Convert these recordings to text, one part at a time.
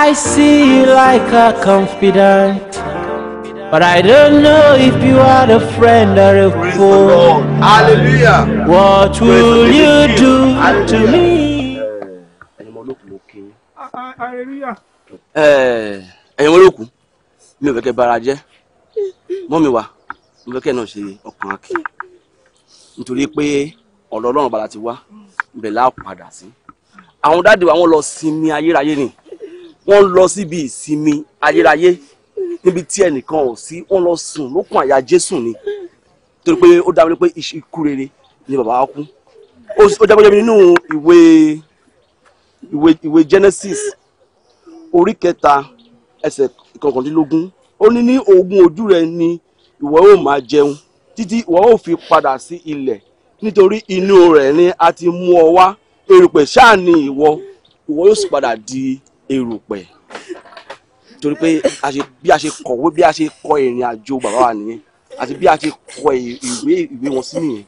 I see you like a confidant, but I don't know if you are a friend or a Praise fool. Hallelujah. What will you do to me? Eh, ẹ̀yin olókùn eh, mi ò fẹ́ kẹ́ bara jẹ́ mọ́mi wa mo fẹ́ kẹ́ náà ṣe ọkàn akin nítorí pé ọ̀dọ̀ bala ti wá ibẹ̀ la padà sí àwọn dáàdi wa wọ́n lọ sinmi ayérayé ni wọ́n lọ síbi ìsinmi ayérayé níbi tí ẹnìkan ò sí wọ́n lọ sùn lókun àyà Jésù ni torí pé ó dá mi pé ikú rere ni bàbá wa kú ó dá mi nínú ìwé ìwé ìwé Genesis orí kẹta ẹsẹ̀ kọkàndínlógún ó ní ní ogún ojú rẹ ni ìwọ ó máa jẹun títí ìwọ ó fi padà sí ilẹ̀ nítorí inú rẹ̀ ni a ti mú ọ wá erùpẹ̀ ṣáà ni ìwọ ìwọ yóò sì padà di erùpẹ̀ torí pé bí a ṣe kọ̀wé bí a ṣe kọ ìrìn àjò bàbá wa nìyẹn àti bí a ṣe kọ ìwé ìwé wọn sí nìyẹn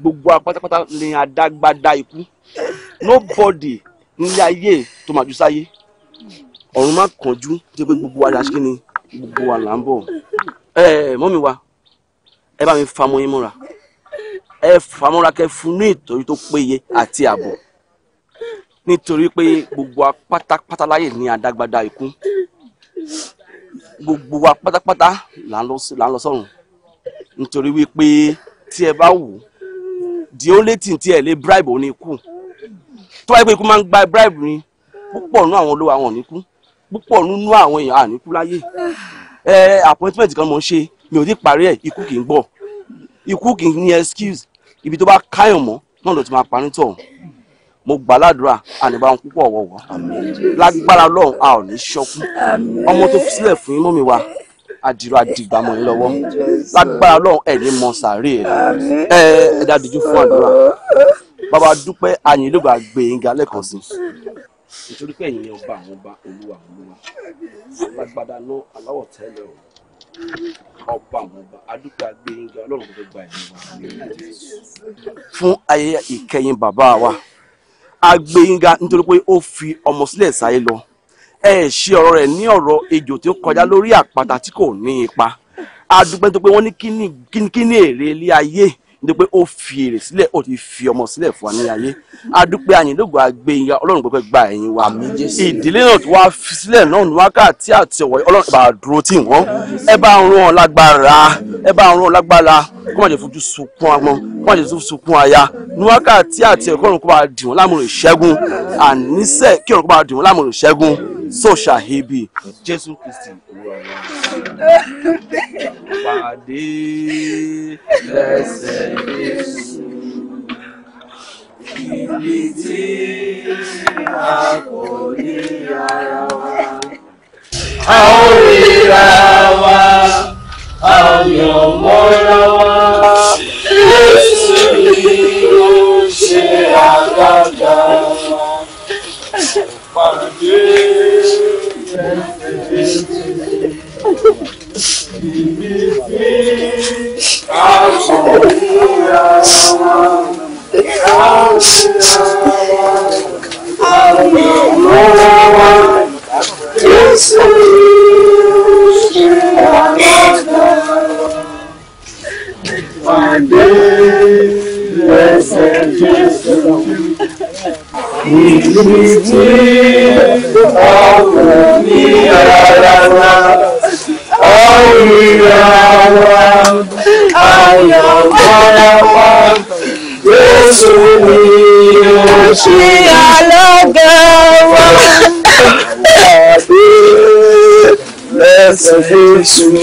gbogbo apátápátá ni adágbádá ikú nobody nílé ayé tó máa ju sáyé ọ̀run má kánjú tó pé gbogbo wa làṣẹ ni gbogbo wa là ń bọ̀ ẹ mọ́mi wa ẹ bá mi fa ọmọ yín mọ́ra ẹ fà mọ́ra kẹ́ fún ní ìtọ́jú tó péye àti ààbò nítorí pé gbogbo wa pátápátá láyè ní adágbádá ikú gbogbo wa pátápátá là ń lọ sọ́run nítorí wípé tí ẹ bá wù di only thing tí ẹ lè bribe òun ni ikú tó wáyé pé ikú máa ń gba bribe ni púpọ̀ nínú àwọn olówó àwọn ò ní kú púpọ̀ nínú àwọn èèyàn à kú láyè ẹ appointment kan mo ń ṣe mi ò ti parí ẹ ikú kì í gbọ́ ikú kì í ní excuse ibi tó bá káyàn mọ́ náà ló ti máa parí tọ̀ ọ́ mo gbà ládùúrà àníbá wọn púpọ̀ wọ̀wọ̀ lágbára lọ́run a ò ní ṣọ́kú ọmọ tó fi sílẹ̀ fún mọ́mí wa àdìrò àdìgbàmọ̀ yín lọ́wọ́ lágbára lọ́run ẹ̀ ní mọ sàárè ẹ̀ ẹ̀ dàdíjú fún àdúrà bàbá dúpẹ́ àyìn ló bá gbé yín ga lẹ́ẹ̀kan sí i nítorí pé ẹ̀yin ọba àwọn ọba olúwa olúwa alágbádá náà aláwọ̀ tẹ́lẹ̀ o ọba àwọn ọba adúpẹ́ agbé ga ọlọ́run tó gba fún ayẹyẹ ìkẹyìn bàbá wa agbẹ̀yìnga nítorí pé ó fi ọmọ sílẹ̀ sáyé lọ ẹ ṣe ọ̀rọ̀ rẹ̀ ní ọ̀rọ̀ ejò tí ó kọjá lórí àpáta tí kò ní ipa adúpẹ́ tó pé wọ́n ní kíní èrè ilé ayé nítorí pé ó fi èrè sílẹ̀ ó ti fi ọmọ sílẹ̀ fún wa ní ayé adúpẹ́ àyìnlógún agbẹ̀yìnga ọlọ́run pẹ́pẹ́ gba ẹ̀yìn wa ìdílé náà tí wàá fi sílẹ̀ náà ní wákàtí àti ọ̀wọ́ ọlọ́run bá dúró tì wọ́n ẹ bá ń rún ọ lágbára ẹ bá ń rún ọ lágbára kó má jẹ́ fojú sunkún ọmọ wọ́n àti sunkún aya ní wákàtí àti ẹ̀kọ́ kó bá dì wọ́n lámùrè ìṣẹ́gun àníṣe kí ọ̀run kó bá dì wọ́n lámùrè ìṣẹ́gun so ṣàhíbi Jésù Kristi pàdé lẹ́sẹ̀ Jésù ibi tí a kò ní ara wa a ó ríra wa a ò yàn mọ́ra wa yìí ló ṣe àgàgà pàdé ìbí fàdé lẹ́sẹ̀ Jésù ìlú tí ọkùnrin ní ara wa ọ̀rìnrà wa àyànfọ́lá wa Jésù ni ó ṣe àlọ́gà wa. Fàdé lẹ́sẹ̀ Jésù.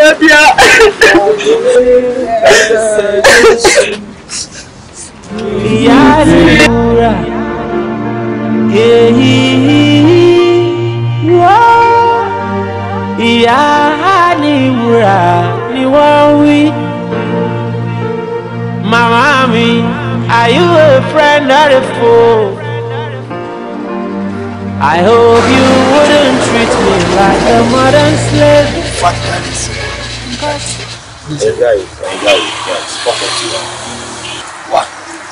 lábíà. ìyá rẹ̀ múra èyí wọ́ ìyá ní wúrà ni wọ́n wí. Màmá mi, are you a friend or a foe? I hope you wouldn't treat me like a modern slave. What can I say? because. ẹgbẹ́ yìí ẹgbẹ́ yìí yes fọ́pọ̀ ti wá. wá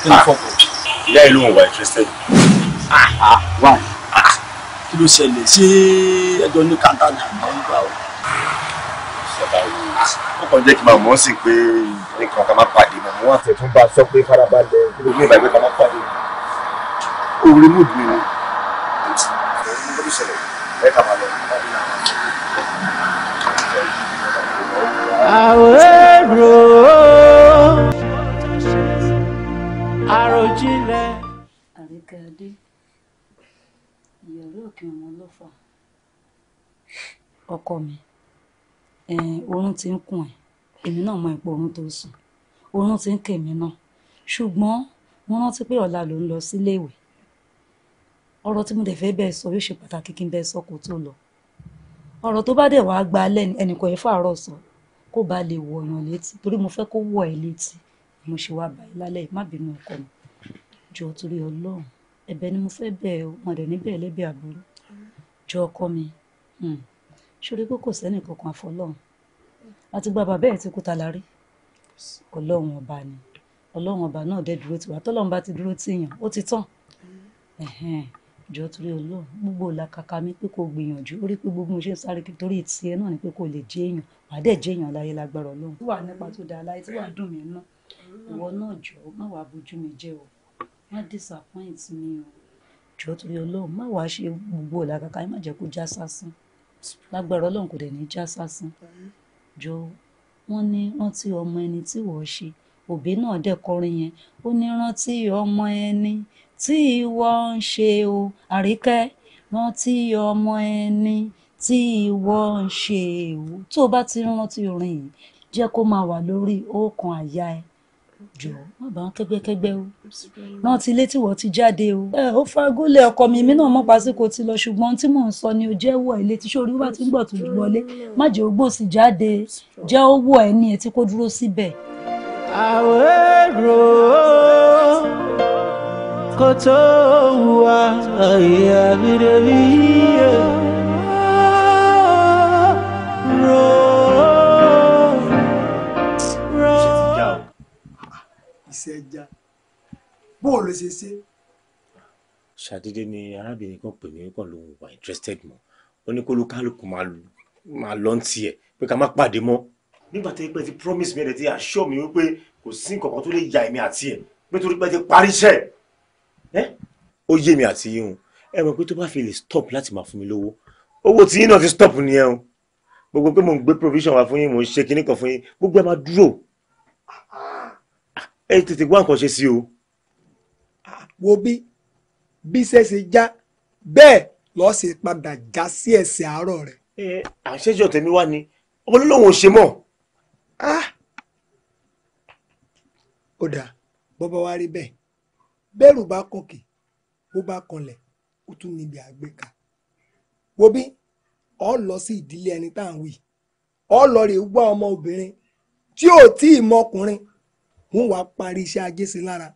kí ni fọ́pọ̀. ìyá ìlú wọn wà interested. wá kí ló ṣẹlẹ̀ ṣé ẹjọ́ ní kàńtà ní ń gbà o. Ah, ó kàn jẹ́ kí n máa mọ̀ ọ́n sí pé nìkan ká má pàdé mọ̀ wọ́n àtẹ̀tún bá a sọ pé farabalẹ̀ kí ló ní ìbàgbé ká má pàdé. òwúrẹ́ mú ìdúró àwérò àròjinlẹ̀. àríkàdé ìyàwó òkè ọmọ ọlọ́fà ọkọ mi oorun ti ń kùn ẹ́ èmi náà mọ ipò oorun tó sùn oorun ti ń kè mí náà ṣùgbọ́n mo rántí pé ọ̀la ló ń lọ síléèwé ọ̀rọ̀ tí mo dẹ̀ fẹ́ bẹ́ẹ̀ sọ yóò ṣe pàtàkì kí n bẹ́ẹ̀ sọ kó tó lọ ọ̀rọ̀ tó bá dẹ̀ wàá gba alẹ́ ẹnìkan ẹ̀fọ́ àárọ̀ sọ kó ba lè wọ èèyàn létí torí mo fẹ́ kó wọ ẹ létí mo ṣe wá báyìí lálẹ́ má bínú ọkọ mi jọ torí Ọlọ́run ẹ̀bẹ̀ ni mo fẹ́ bẹ̀ ẹ́ wọn dẹ̀ níbẹ̀ lẹ́bẹ̀ àbúrò jọ ọkọ mi hmm, ṣorí pé kò sẹ́nì kankan àfọlọ́run àti gba bàbá ẹ̀ ti kú talárí Ọlọ́run ọba ni Ọlọ́run ọba náà dẹ̀ dúró tiwa tọ́lọ́run bá ti dúró tìyàn ó ti tán jọ torí Ọlọ́run gbogbo làkàkà mi pé kò gbìyànjú ó rí pé gbogbo mo ṣe ń sáré torí tiẹ̀ náà ni pé kò lè jẹ́ èèyàn wàá dẹ̀ jẹ́ èèyàn láyé lágbára ọlọ́run tí wàá nípa tó dáa láyé tí wàá dùn mí ná ìwọ náà jọ má wàá bójú mi jẹ́ o má disappoint mi o jọ torí ọlọ́run má wàá ṣe gbogbo ìlàkàkà má jẹ́ kó já sásán lágbára ọlọ́run kò dẹ̀ ní já sásán jọ wọ́n ní rántí ọmọ ẹni tí wọ́n ṣe òbí náà dẹ̀ kọrin yẹn ó ní rántí ọmọ ẹni tí ìwọ ń ṣe o àríkẹ́ rántí ọmọ ẹni tí ìwọ ń ṣe èwú tó o bá ti rántí orin yìí jẹ́ kó máa wà lórí ọkàn àyà ẹ jọ má bàa kẹ́gbẹ́kẹ́gbẹ́ o rántí ilé tí ti jáde o. ẹ ó fagúnlẹ̀ ọkọ mi mi náà mọ̀ pásíkò ti lọ ṣùgbọ́n tí mò ń sọ ni o jẹ́ wọ̀ ẹ́ létí sórí wíwá tí ń gbọ̀ tó wọlé má jẹ́ ó gbòòsì jáde jẹ́ ó wọ̀ ẹ́ ní etí kó dúró síbẹ̀. àwérò kò tó wà ẹ̀yà bídẹ́bí yẹn. ìṣẹ̀jà bóò ló ṣe ṣe. ṣàdédé ni arábìnrin kan pè mí pọ̀ ló wà interested mọ́ ó ní kó ló kálukú máa lọ ń tiẹ̀ pé ká má pàdé mọ́ nígbà tí pé ti promise mi ẹ̀ ti assure mi wípé kò sí nǹkan tó lè ya èmi àti ẹ̀ pé torí pé ti parí iṣẹ́ ẹ̀ ó yé mi àti yín o ẹ mọ̀ pé tó bá fi lè stop láti máa fún mi lówó owó tí yín náà ti stop nìyẹn o gbogbo pé mo ń gbé provision wá fún yín mo ń ṣe kinní kan fún yín gbogbo ẹ máa dúró ẹ tètè wá nǹkan ṣe sí o. wo bí bí iṣẹ́ ṣe já bẹ́ẹ̀ lọ́ọ́ ṣe padà já sí ẹsẹ̀ àárọ̀ rẹ̀. ẹ àṣẹjọ tèmi wá ni ọmọ olólùwọ̀n ò ṣe mọ̀. ó dáa bọ́bá wa rí bẹ́ẹ̀ bẹ́ẹ̀rù bá kọ̀kì bó bá kanlẹ̀ ó tún níbi àgbékà wo bí ọ lọ sí ìdílé ẹni tá à ń wí ọ lọ rè wá ọmọ obìnrin tí ò tí ì mọkùnrin wọn wàá parí iṣẹ́ ajé sí lára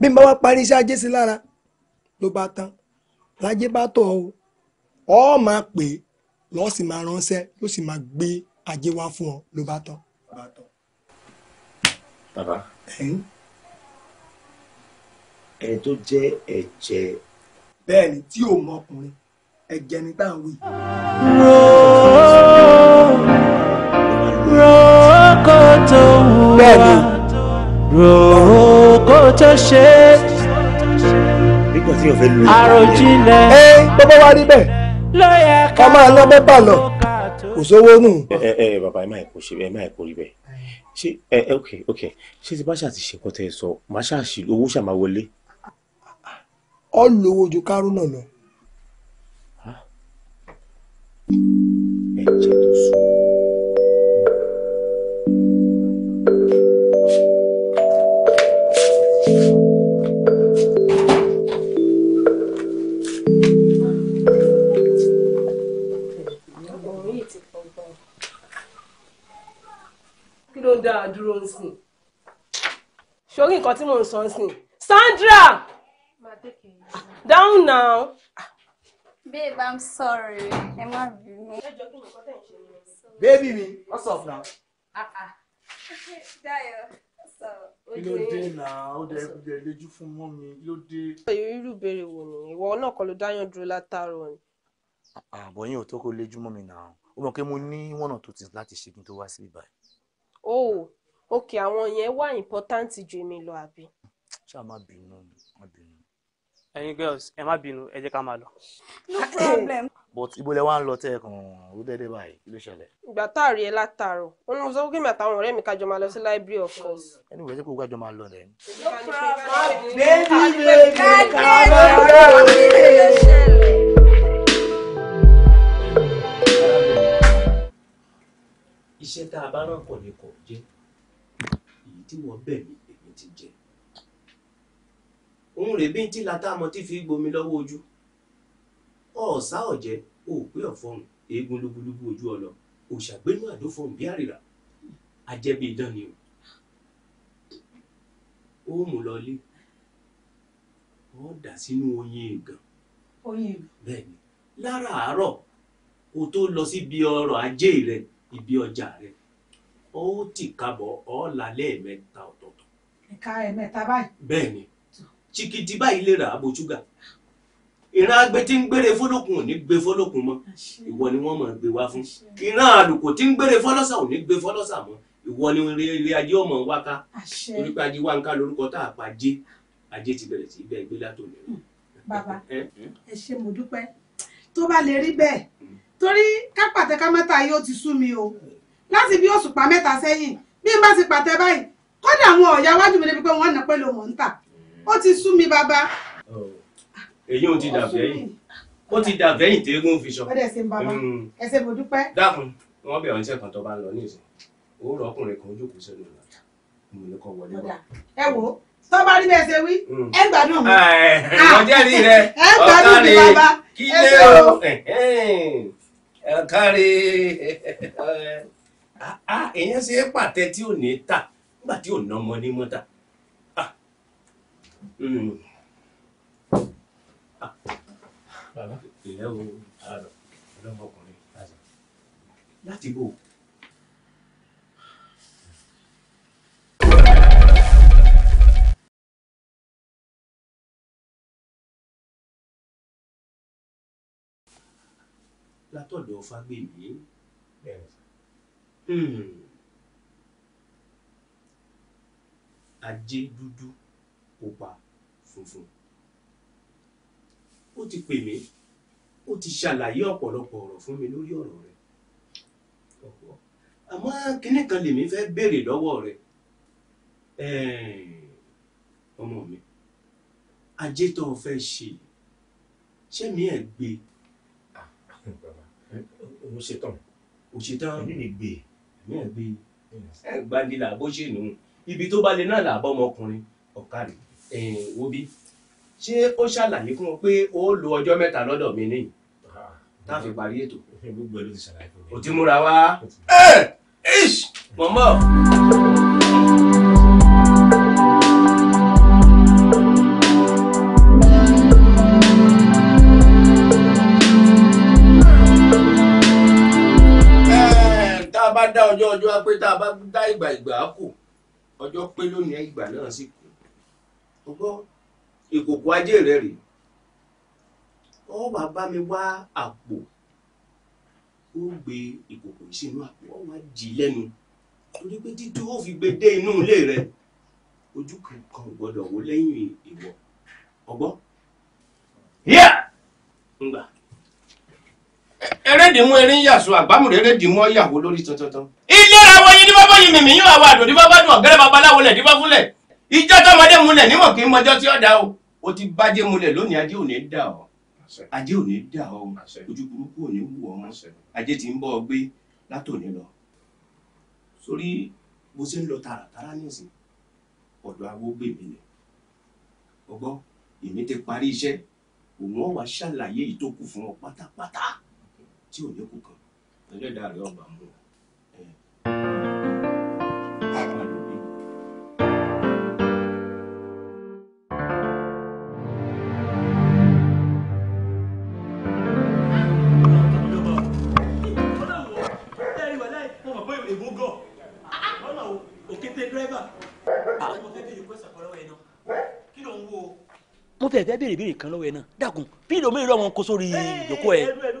bí n bá wá parí iṣẹ́ ajé sí lára ló bá tán lájé bá tọ̀ o ọ máa pè é lọ́ọ́ sì máa ránṣẹ́ ló sì máa gbé ajé wá fún ọ ló bá tán. bàbá ẹ tó jẹ́ ẹ̀jẹ̀. bẹ́ẹ̀ni tí ò mọ ọkùnrin ẹ̀jẹ̀ ni tá à wí. ròó tó wù bẹ́ẹ̀ ni. ròó kó tó ṣe é. nígbà tí yóò fẹ́ lu àròjinlẹ̀. ẹ bọ́bá wa rí bẹ́ẹ̀. ló yẹ ká máa lọ mẹ́fà lọ kò sówó nù. ẹ ẹ bàbá ẹ má ẹ kò ṣe ẹ má ẹ kò rí bẹ́ẹ̀ ṣé ẹ ok ok ṣé ti báṣà ti ṣe kọtẹ sọ màṣà ṣì owó ṣàmà wọlé. ọ lówó ju kárúnà lọ. ẹ jẹ́ tó sùn. ló ń dára dúró ń sìn nǹkan tí mò ń sọ ń Sandra down now. babe i'm sorry ẹ má bínú. baby mi what's up now. Ah, ah. Dayo kí ló dé náà ó dẹ ẹ lójú fún mọ mi kí ló dé. irú ìbéèrè wo ni ìwọ náà kọ́ ló dáyàn dúró látàárọ̀ ni. àbọ̀yìn ah, ò tó kó léjú mọ́ mi náà ó mọ̀ pé mo ní wọ́nà tó ti láti ṣe kí n tó wá síbí báyìí oh okay àwọn yẹn wà important ju èmi lọ àbí. ṣé a máa bínú máa bínú. ẹ̀yin girls ẹ má bínú ẹ jẹ́ ká máa lọ. no problem. but ibo lẹ wá ń lọ tẹ ẹ kàn ó dẹ́dẹ́ báyìí kí ló ṣẹlẹ̀. ìgbà tá a rí ẹ látàárọ̀ òun ló sọ pé mi àtàwọn ọ̀rẹ́ mi ká jọ máa lọ sí library of course. ẹni wẹ́ẹ́ sẹ́ kó gbàjọ máa lọ lẹ́yìn. no problem. baby baby kàlọ́ ọ̀rẹ́ mi. iṣẹ́ tá a bá rán kọ̀ ní kọ̀ jẹ́ èyí tí wọ́n bẹ̀ mí èmi ti jẹ́ òun rèé bíntí látàmọ́ tí fi gbomi lọ́wọ́ ojú ọ̀ọ́sá ọ̀jẹ́ òpé ọ̀fọ́hùn eégún lúgbúlúgbú ojú ọlọ òṣàgbénú àdófòhùn bí àrìrà ajẹ́bí idán ni o ó mú lọlé ó dà sínú oyin ìgàn bẹ́ẹ̀ ni láràárọ̀ kó tó lọ síbi ọrọ̀ ajé rẹ̀ ibi ọjà rẹ ó ti kábọ̀ ọ́ là lẹ́ẹ̀mẹ́ta ọ̀tọ̀ọ̀tọ̀. ẹ̀ka ẹ̀mẹ́ta báyìí. bẹ́ẹ̀ni chikiti báyìí lè rà á bo ìran agbe tí ń gbére fọlọ́kùn ò ní gbé fọlọ́kùn mọ́ ìwọ ni wọ́n mọ̀ gbé wá fún ìran àlùkò tí ń gbére fọlọ́sà ò ní gbé fọlọ́sà mọ́ ìwọ ni rere ajé ọmọ wa ká torí pé ajé wa ń ká lórúkọ tá a pa ajé ajé ti bẹ̀rẹ̀ sí bẹ́ẹ̀ gbé látòlẹ́. bàbá ẹ ṣé mo dúpẹ́ tó bá lè rí bẹ́ẹ̀ mm torí ká pàtẹ ká mẹ́ta yóò ti sú mi o láti bí òṣùpá mẹ́ta sẹ́yìn bí n bá ti pàtẹ báyìí kódà àwọn ọ̀yà wájú mi débi pé wọ́n nà pẹ̀lú mọ̀ ń tà ó ti sú mi bàbá. èyí ò ti dà bẹ́yìn ó ti dà bẹ́yìn tí eégún fi sọ. ọ̀dẹ̀ ṣe ń bàbá hmm. ẹsẹ̀ mo dúpẹ́. dákun wọn bẹ̀rẹ̀ ọ̀nṣẹ́ kan tó bá ń lọ ní ìsìn òwúrọ̀ ọkùnrin kan jókòó sẹ́nu ìlà mo ní kọ́ wọlé wá. ẹ wo tó bá rí bẹ́ẹ̀ ṣe wí hmm. ẹ gbádùn mi. ẹ ah. gbádùn mi bàbá kí lé o kárí èèyàn ṣe é pàtẹ tí ò ní tà nígbà tí ò ná ọmọ ní mọ́tà. Hmm. láti bò ó. látọ̀dọ̀ Fágbèmí hmm. ajé dúdú pupa funfun ó ti pè mí ó ti ṣàlàyé ọ̀pọ̀lọpọ̀ ọ̀rọ̀ fún mi lórí ọ̀rọ̀ rẹ̀ àmọ́ kinní kan lèmi fẹ́ béèrè lọ́wọ́ rẹ̀ ọmọ mi ajé tó o fẹ́ ṣe ṣé mi ẹ̀ gbé e òun ṣetán ò ṣetán ẹ̀mí mi gbé ẹ̀mí mi gbé ẹ̀ gbalila bó ṣe nù ibi tó bá lè náà làbọ̀ ọmọkùnrin ọ̀kadì ẹ̀yìn wo ṣé ó ṣàlàyé fún ọ pé ó lo ọjọ́ mẹ́ta lọ́dọ̀ mi níyì ah. tá a fi parí ètò. gbogbo múra wá. ẹ ẹ mọ̀mọ́. ọjọ́ ọjọ́ pé tá a bá dá ìgbà ìgbà kù ọjọ́ pé lónìí ìgbà náà sì kù ajé rẹ rèé ọ wà bá mi wá àpò ó gbé ìkòkò yìí sínú àpò ọ wá jì lẹ́nu rẹ ojú kankan lẹ́yìn ìwọ ọgbọ. Yeah! erédìmú erin yàsó àgbámúrè erédìmú ọyàwó lórí tuntun. ilé àwọn yìí dífá bọ́yìn mìmì yín àwọn àdùn dífá bá dùn ọ̀gẹ́rẹ́ babaláwo lẹ̀ dífá fúnlẹ̀ ìjọ tọmọdé múlẹ̀ níwọ̀n kì í mọjọ́ tí ó dá o ó ti bájẹ́ múlẹ̀ lónìí ajé òní dà ọ́ ajé òní dà ọ́ ojú burúkú òní wù ọ́ mọ́ ajé ti ń bọ́ ọ gbé látòní lọ sórí bó ṣe ń lọ tààràtàrà nísìn ọ̀dọ̀ awo gbè mí lẹ̀ ọgbọ́n èmi ti parí iṣẹ́ òun ọ̀ wá ṣàlàyé ìtókù fún ọ pátápátá tí ò lékun kan ẹlẹ́dàá rẹ̀ ọgbà mú un. mo fẹ́ fẹ́ béèrè béèrè kan lọ́wọ́ ẹ náà dákun fídíò mi rọ wọn kó sórí ìjókòó ẹ. ẹnu ẹnu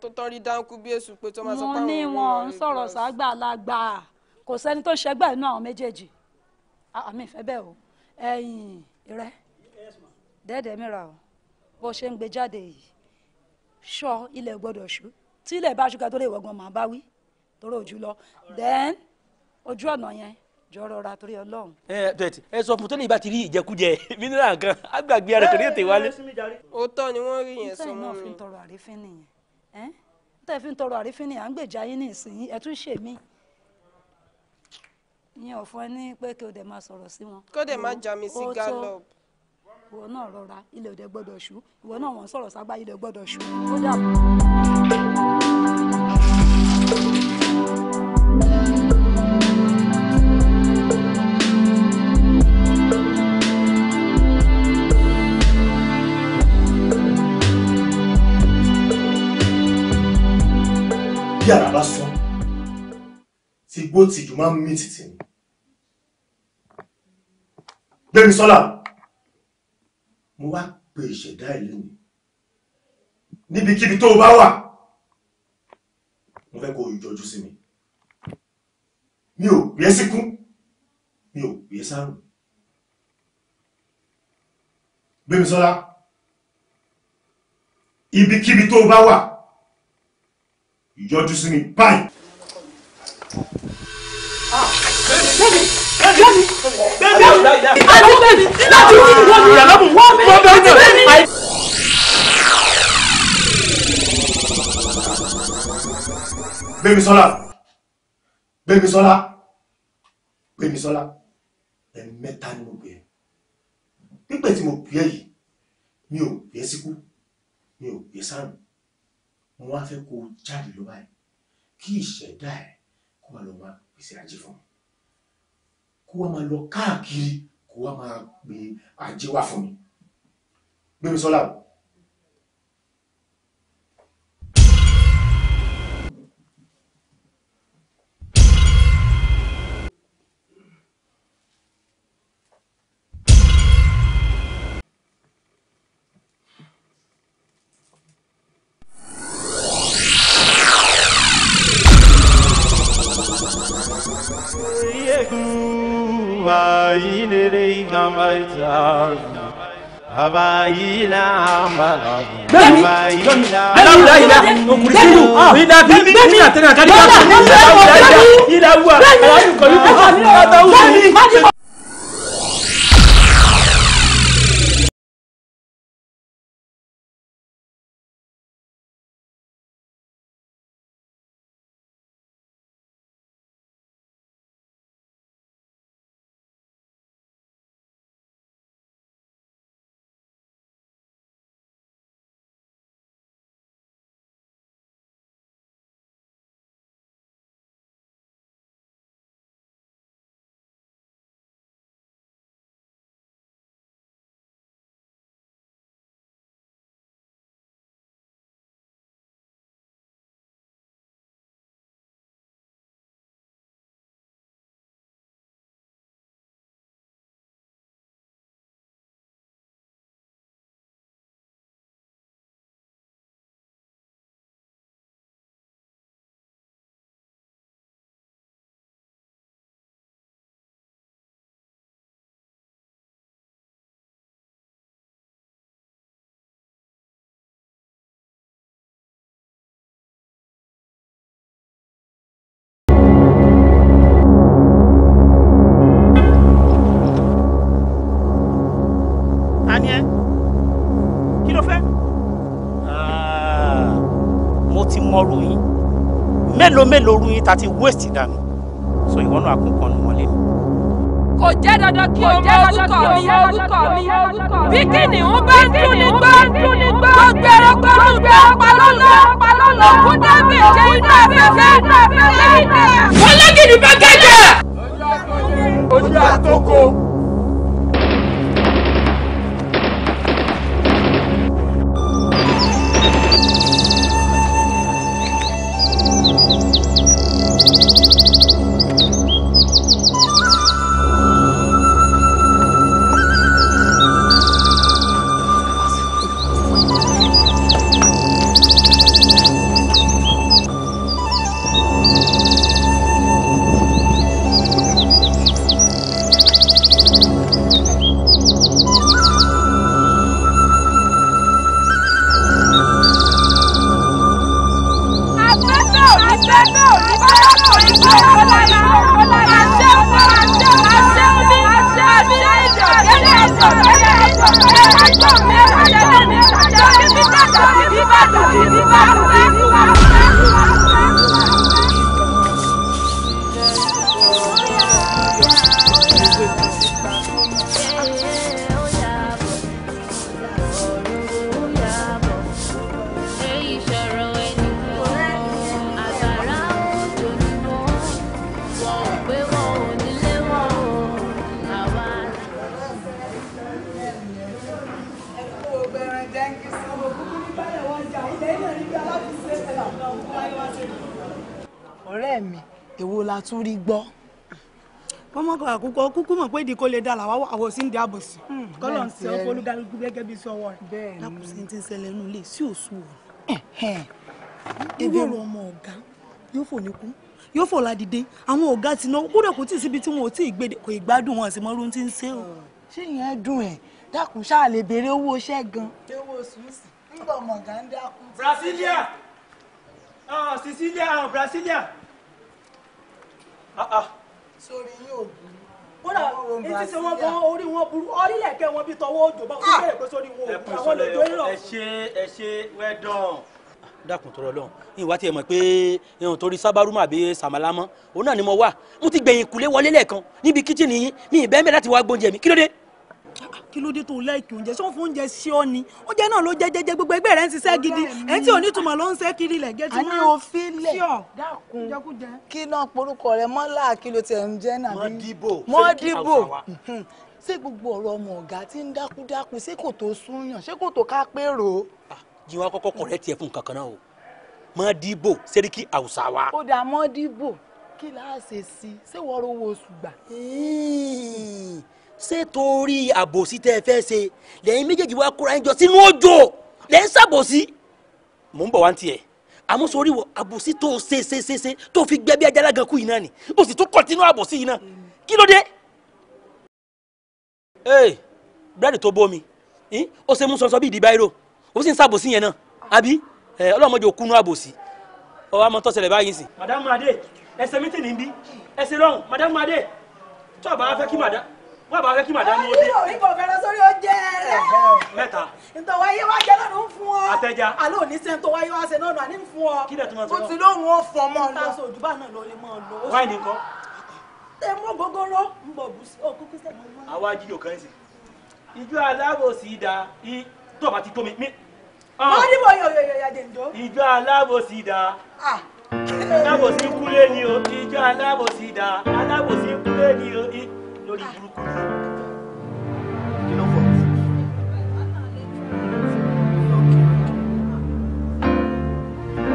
tó tán rí dáńkú bí èsù pé tó máa sọ pé àwọn ọmọ rẹ. mo ní wọn ń sọ̀rọ̀ ságbàlagbà kò sẹ́ni tó ṣẹgbẹ́ inú àwọn méjèèjì àmì ìfẹ́ o ẹ̀yìn rẹ dẹ́ẹ̀dẹ́ mìíràn o bó ṣe ń gbé jáde yìí ṣọ ilẹ̀ gbọ́dọ̀ ṣú tí ilẹ̀ bá ṣúgà tó lè wọ̀gbọ̀n màá bá wí tóró ojú lọ then ojú ọ̀nà yẹn jọrọ ra torí Ọlọ́run. ẹ tẹ̀tì ẹ sọ fún tẹ́lẹ̀ ìbá ti rí ìjẹkújẹ mineral kan àgbàgbé ara kò ní ètè wálé. òótọ́ ni wọ́n rí yẹn sọ mọ́ mi. nítorí náà fi ń tọrọ àrífín nìyẹn tẹ́ fi ń tọrọ àrífín ni à ń gbèjà yín ní ìsìn ẹ̀ tún ṣe mí ìyẹn ọ̀fọ̀ ẹ pé kí o dẹ̀ máa sọ̀rọ̀ sí wọn. kó dẹ̀ máa jà sí gallop. ìwọ náà rọra ilẹ̀ òde gbọ́dọ̀ ṣú ìwọ náà wọ́n sọ̀rọ̀ ságbá ilẹ̀ gbọ́dọ̀ ṣú ó dàbọ̀. bí àràbá sán ti gbó tìjú máa ń mí tìtì ni. Gbémi Sọ́lá, mo wá pe ìṣẹ̀dá ìlú mi. Níbikíbi tó o bá wà, mo fẹ́ kó o yọjú sí mi. Mi ò pè é síkún, mi ò pè é sárùn. Gbémi Sọ́lá, ibikíbi tó o bá wà, yọjú sí mi báyìí. Gbémisọ́lá Gbémisọ́lá Gbémisọ́lá ẹ̀mẹ́ta ni mo gbé ẹ pípẹ́ tí mo gbé ẹ yìí mi ò gbé síkú mi ò gbé sáré mo wá fẹ́ kó o jáde lọ báyìí kí ìṣẹ̀dá ẹ̀ kó wá lọ máa pèsè ajé fún mi kó wá máa lọ káàkiri kó wá máa gbé ajé wá fún mi Gbémisọ́lá o. Bẹ́ẹ̀ni, bẹ́ẹ̀ni, bẹ́ẹ̀ni, bẹ́ẹ̀ni, mọ́ ru yín mélòó mélòó ru yín ta ti waste dànù so ìwọ náà kún kan nù wọlé mi. kò jẹ́ dandan kí ọmọ orúkọ mi orúkọ mi bí kìnìún bá ń dún ní gbọ́ tó gbẹrọ gbọ́dọ̀ gbẹ palọ́lọ́ palọ́lọ́ kú dábì jẹ́ iná fẹ́fẹ́ iná fẹ́fẹ́ iná. ológìnì bá gẹ́gẹ́. ojú àtọkọ. thank you Viva, viva, viva, viva, viva, viva, viva, viva, viva, la tún rí gbọ́. wọ́n mọ̀ kọ́ àkókò kúkú mọ̀ pé ìdíkò lè dára wáwọ́ àwọn sí ń di àbòsí. Hmm, kọ́lọ̀ ń sẹ́ ọ́ olúdarúgbó gẹ́gẹ́ bí sọ́wọ́ rẹ̀. lákùsí ti ń ṣẹlẹ̀ nù lè sí òṣù wọ̀. ibi ọ̀rọ̀ ọmọ ọ̀gá yóò fò ní kú yóò fò ládìde àwọn ọ̀gá ti náwó kódà kò tí ì síbi tí wọn ò tí ì gbèdè kò ì gbádùn wọn àti mọ́rún ti ń ṣe o. ṣé ìyẹn dùn ẹ̀ dákun ṣáà lè béèrè owó iṣẹ́ gan. owó sùúrù nígbà ọmọ ọ̀gá ń dákun. Brasilia ah Sicilia ah Brasilia. Ah, ah. sórí yóò burú kódà etí tí wọn gan orí wọn burú orílẹ̀-èdè wọn bí tọwọ́ òjò bá wọn tó bẹ̀rẹ̀ pé sórí wọn òkú àwọn lójó ìrọ̀. ẹ ṣe ẹ ṣe wẹ́dọ̀n dákun tó rọlọ́n ìwà tiẹ̀ mọ̀ pé ẹ̀hún torí sábàrúmọ̀ àbí sàmálámọ́ òun náà ni mo wà mo ti gbẹ̀yìn kùlé wọlé lẹ́ẹ̀kan níbi kíchìnì yín mi ì bẹ́ẹ̀ mẹ́ láti wá gbóúnjẹ mi kí ló dé kí ló dé tó láìkí oúnjẹ ṣé wọn fún oúnjẹ sí ọ ni oúnjẹ náà ló jẹ jẹjẹ gbogbo ẹgbẹ́ rẹ̀ ń ṣiṣẹ́ gidi ẹni tí onítùmọ̀ ló ń ṣe kiri ilẹ̀ gẹ́tì máa ń sí ọ dákun kí náà porúkọ rẹ̀ mọ́lá kí ló tiẹ̀ ń jẹ́ náà bí mọ́dìbò hmm. ṣé gbogbo ọ̀rọ̀ ọmọ ọ̀gá tí ń dákúdákú ṣé kò tó súnyàn ṣé kò tó ká pérò. Ah, jíwá kọ́kọ́ kọ̀rẹ́ tiẹ̀ fún kankan o mọ́dìbò sẹ́ríkì àwùsá wa. ó dà mọ́dìbò kí láà ṣe sí ṣé wọ́n rówó oṣù gbà ṣé torí àbòsí tẹ́ ẹ fẹ́ ṣe lẹ́yìn méjèèjì wá kóra ẹ̀ jọ sínú òjò lẹ́yìn ṣàbòsí mò ń bọ̀ wá ń tiẹ̀ àmọ́ sórí wọ àbòsí tó ṣe ṣe ṣe ṣe tó fi gbẹ́ bí ajára gan kú yìí náà ni ó sì tún kọ̀tínú àbòsí yìí náà kí ló dé. ee búrẹ́dì tó bómi ó ṣe mú sọ̀nsọ̀ bíi ìdìbà ìró ó sì ń ṣàbòsí yẹn náà àbí ọlọ́mọdé òkú nú àbòsí ọwọ́ àmọ́ tọ́sẹ̀lẹ̀ báyìí sìn. madamu adé ẹsẹ̀ mítìnì ń bí ẹsẹ̀ lọ́hùn madamu adé tó àbá fẹ́ wọ́n bá fẹ́ kí màdá ní ó dé. orí kò fẹ́ràn sórí oúnjẹ rẹ̀. mẹ́ta. ntọ́wáyé wá jẹ́ lọ́nà ń fún ọ. àtẹ̀já. àlọ́ òní sẹ́ ntọ́wáyé wá sẹ́ lọ́nà ní ń fún ọ. kí lẹ̀ tó máa sọ náà. o ti lóhun ó fọ ọmọ lọ. táṣọ òjúbà náà lọ lè máa lọ. wáyé ni nǹkan. ẹ mú gogoro ń bọ̀ bù sí òkú kí sẹ́mi. àwa jíjò kan sí. ìjọ alábòsí da tó bá ti tó mi. Ah. wọ́n ní mo yọ̀ yọ̀ yọ̀ dèndó. ìjọ alábòsí da. alábòsí kúlé ni o ìjọ alábòsí da alábòsí kúlé ni o olórí burúkú yìí kí ló fọ.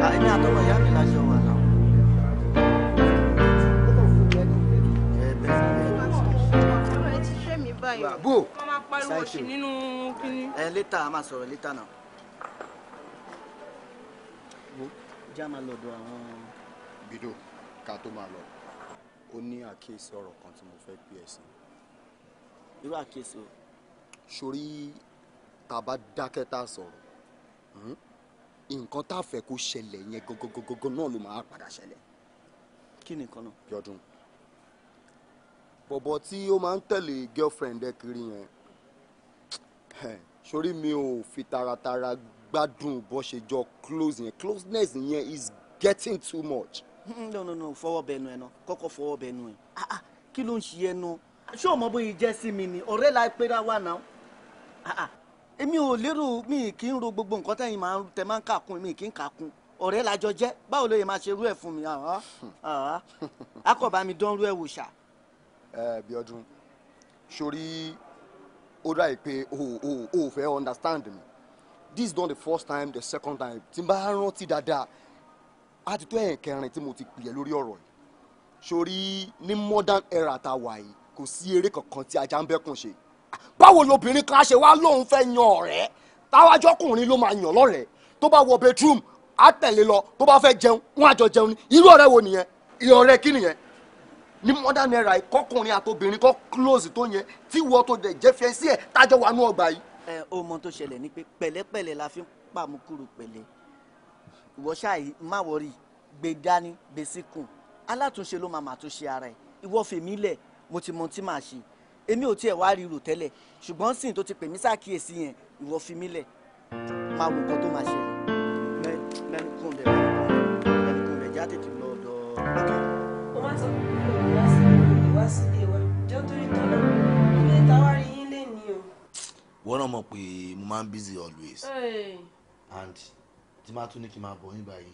Ah, èmi àtọmọ ìyá mi lájọ wà náà. bó a máa sọ̀rọ̀ létà náà. já máa lọ́dọ̀ àwọn. bidó ká tó ó ní àkíyèsí ọ̀rọ̀ kan tí mo fẹ́ pè ẹ́ sí. irú àkíyèsí o. sori tá a bá dákẹ́ tá a sọ̀rọ̀ hmm, nǹkan tá a fẹ́ kó ṣẹlẹ̀ yẹn gọgọgọgọ náà ló máa padà ṣẹlẹ̀. kí ni nǹkan náà. Bíọ́dún bọ̀bọ̀ tí ó máa ń tẹ̀lé girlfriend ẹ kiri yẹn sori mi ò fi taratara gbádùn bó ṣe jọ close yẹn closeness yẹn is getting too much no no no fọwọ́ bẹnu ẹ̀ náà kọ́kọ́ fọwọ́ bẹnu ẹ̀ ah ah kí ló ń ṣe ẹnu ṣé o mọ bóyá jẹ́ sí mi ni ọ̀rẹ́ la pera wa náà ah ah èmi ò lérò mi kì í ro gbogbo nǹkan tẹ̀yìn máa ń tẹ̀ máa ń kà kún mi kì í kà kún ọ̀rẹ́ la jọ jẹ́ báwo ló yẹ máa ṣe rú ẹ̀ fún mi akọ̀bá ah, ah, ah, mi dán rú ẹ̀ wò ṣá. ẹ bí ọdún sori ó dá pé o ò o ò fẹ́ understand me this is not the first time the second time tí n bá rántí dáadáa a ti tó ẹ̀yìn kẹrin tí mo ti pè é lórí ọ̀rọ̀ yìí sórí ní modern era tá a wà yìí kò sí eré kankan tí ajá ń bẹ́kùn ṣe báwo lobìnrin kan ṣe wá lóun fẹ́ yan ọ̀rẹ́ táwájọ́kùnrin ló máa yàn lọ́rẹ̀ẹ́ tó bá wọ bedroom á tẹ̀lé lọ tó bá fẹ́ jẹun wọn àjọ jẹun ni irú ọ̀rẹ́ wo nìyẹn ìyẹn ọ̀rẹ́ kí nìyẹn ní modern era ìkọkùnrin àtobìnrin kọ close tó yẹn tí wọ́n tó dẹ̀ jẹ́ fiẹ́ sí ẹ̀ tájọ́ wà nú ọgbà yìí. ẹ o mọ tó ṣẹlẹ̀ ni pé pẹ̀lẹ́pẹ̀lẹ́ la fi ń pàmùkúrú pẹ̀lẹ́ ìwọ ṣáà má wọrí gbé dání gbé síkùn alátúnṣe ló máa màtúnṣe ara ẹ̀ ìwọ fèmí lẹ̀ mo ti mọ ohun tí màá ṣe èmi ò tiẹ̀ wá rí rò tẹ́lẹ̀ ṣùgbọ́n sìn tó ti pè mí ṣàkíyèsí yẹn ìwọ fi mí lẹ̀ máa wo nǹkan tó máa ṣe já tètè lọ ọ̀dọ̀ ọ̀gá. mo máa sọ pé kò ní wá sí ilé wá sí ilé wa jẹ́ nítorí tọ́lá ilé ìtawárí yín o. wọ́n náà mọ̀ pé mo máa ń busy always and tí máa tún ní kí n máa bọ̀ yín báyìí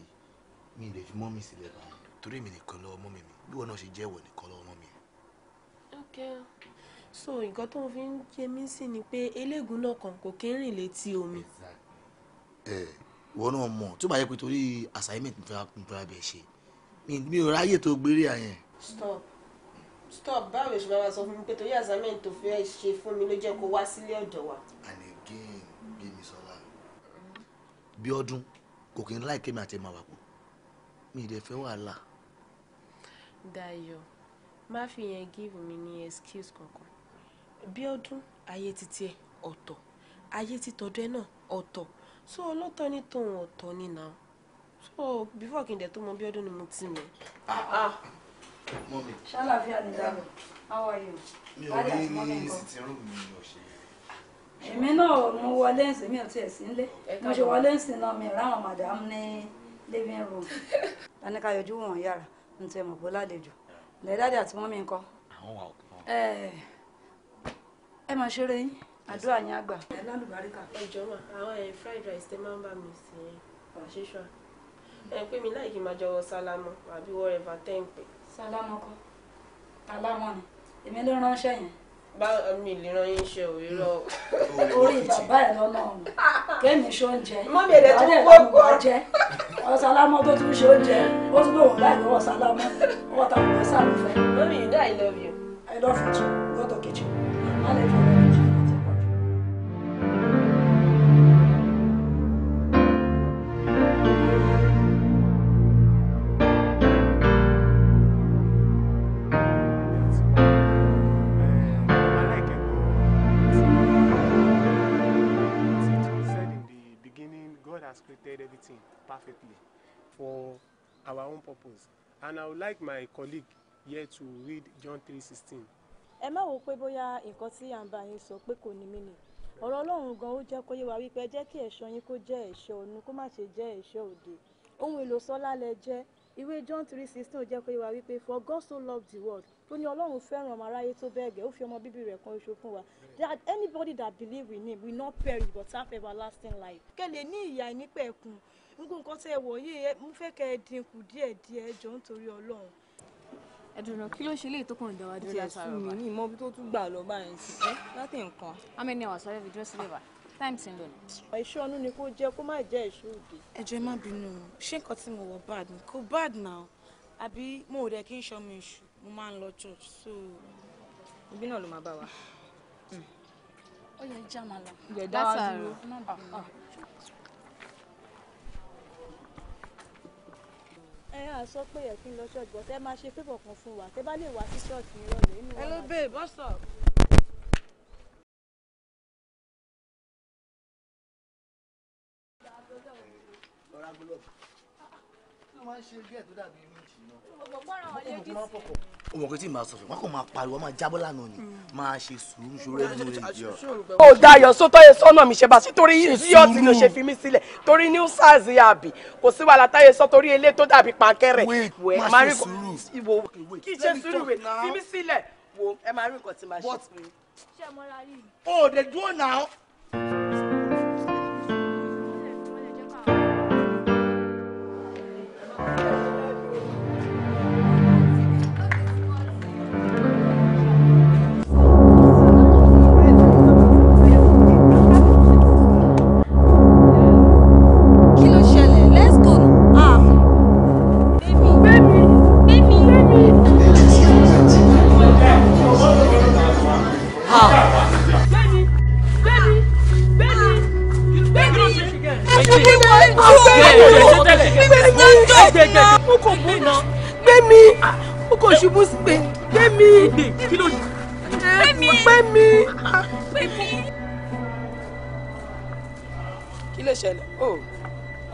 mi lè fi mọ́mì sílẹ̀ báyìí. torí èmi nìkan lọ́wọ́ mọ́mì mi bí wọn náà ṣe jẹ́ nìkan lọ́wọ́ mọ́mì mi. ok so nǹkan tó ń fi ń jẹ mí sí ni pé eléégún náà kan kò kí ń rìn létí omi. ẹ eh, ìwọ náà mọ̀ tó bá yẹ pé torí assignment n fẹ́ra bẹ̀ ṣe mi ò ráyè tó gbére àyẹn. stop stop báwo lè ṣe bá wa sọ fún mi pé torí assignment tó fẹ́ ṣe fún mi ló jẹ́ kó wá sílé ọ̀dọ̀ wa. and again Gbémisọ́lá bí ọdún kò kí n láì kémi àti màwà kù mi ì dẹ̀ fẹ́ wàhálà. Dayọ̀ má fi yẹn give mi ni excuse kankan bí ọdún ayé títí ẹ ọ̀tọ̀ ayé títọdún ẹ náà ọ̀tọ̀ so ọlọ́tọ̀ ní tòun ọ̀tọ̀ ní náà so before kí n dẹ̀ tó mọ bí ọdún ni mo ti mi. Ah, ah. mọ́mi. ṣálàfíà ni Dayọ̀ how are you. mi ò rí ní sitting mi ò ṣe é èmi náà mo wọlé ǹsìn mi ò tiẹ̀ sí nílé mo ṣe wọlé ǹsìn náà mi ráwọn màdàmú ní living room lani ká yọjú wọn yàrá n tẹ mọ̀ bó lálejò lẹ́dàdì àti mọ́mí nǹkan. àwọn wà òkè. ẹ ẹ máa ṣeré yín àdúrà yín àgbà. ẹ lálùbáríkà. ẹ jọ̀wọ́ àwọn ẹ eh, fried rice tẹ máa ń bá mi sí ẹ ṣíṣọ ẹ pé mi láì kí n máa jọwọ sálámọ àbí wọrẹfà tẹ ń pè. sálámọ kọ sálámọ ni èmi ló ránṣẹ́ yẹn báwo mi lè ran yín ṣe òwe lọ. orí bàbá ẹ lọ́nà ọ̀nà kéèmí ṣe oúnjẹ ìbàdí ẹ̀ lọ́nà oúnjẹ ọ̀sálámọ́ tó tún ṣe oúnjẹ ó tún gbòòrùn láì lọ́wọ́ ọ̀sálámọ́ ọwọ́ kò fẹ́ sàlùfẹ́. mọ́mí you die I love you. I love you too go to kitchen. perfectly for our own purpose and I would like my colleague here to read John three sixteen. ẹ má wo pé bóyá nǹkan tí à ń bá yín sọ pé kò ní mí ni ọ̀rọ̀ Ọlọ́run gan ó jẹ́ kó yé wa wípé ẹ jẹ́ kí ẹ̀ṣọ́ yín kó jẹ́ ẹ̀ṣọ́ òun kó má ṣe jẹ́ ẹ̀ṣọ́ òde ohun èlò sọ́lá lẹ jẹ́ ìwé John three sixteen ó jẹ́ kó yé wa wípé for God so loved the world tó ní Ọlọ́run fẹ́ràn ọmọ aráyé tó bẹ́ẹ̀ gẹ́ ó fi ọmọ bíbí rẹ̀ kan oṣù fún wa that anybody that believe in him will not perish but have everlasting life kẹ́lẹ̀ ní ìyà ìnípẹ̀kun gbogbo nǹkan tẹ́ ẹ yìí ẹ mú fẹ́ kẹ́ ẹ dínkù díẹ̀ díẹ̀ jọ nítorí Ọlọ́run. ẹ̀dùnà kí ló ṣe léyìí tó kàn dá wa dúró látara wa. mi mọ ibi tó tún gbà lọ báyìí ti ẹ láti nǹkan. how many hours are fi dúró sílẹ̀ wa time ti ń lò ní. ẹ̀ṣọ́ ọdún ni kò jẹ́ kó má jẹ́ ẹ̀ṣọ́ òde. ẹjọ́ ẹ má bínú ṣé nǹkan tí mo wọ̀ bad ni kò bad now àbí mo ò dẹ̀ kí n ṣọ́ mi ṣù mo máa ń lọ church so. ibi náà ló máa bá wa. ó yẹ já máa lọ. ìyẹ̀dá wa dúró. ẹ á sọ pé ẹ kí n lọ ṣọ́ọ̀ṣì bọ̀ tẹ́ máa ṣe pépọ̀ kan fún wa tẹ́ bá lè wá sí ṣọ́ọ̀ṣì nírọ̀lẹ́ inú wa. hello babe what's up. ọ̀rá gbọ́dọ̀ kí ló máa ń ṣe bí ẹ̀ tó dàbí méjì náà. ọ̀pọ̀ gbọ́dọ̀ wọn lé o mọ̀ pé tí màá sọ̀rọ̀ wọn kò máa pariwo máa jábọ́ lánàá ni mm. máa ṣe sùúrù ṣòro ẹni lórí ìdí ọ. ó dayọ̀ sótọ́yẹ sọ́nà mi ṣe bá sí torí ìdíyọ̀tì ló ṣe fi mí sílẹ̀ torí new sars àbí kò sí wàhálà táyé sọ torí ilé tó dàbí pankẹ́rẹ̀. wẹ́ẹ̀ máa ṣe sùúrù kí ṣe sùúrù wẹ̀ fi mí sílẹ̀ wo ẹ máa rí nǹkan tí máa ṣe. ó dẹ̀ dúró náà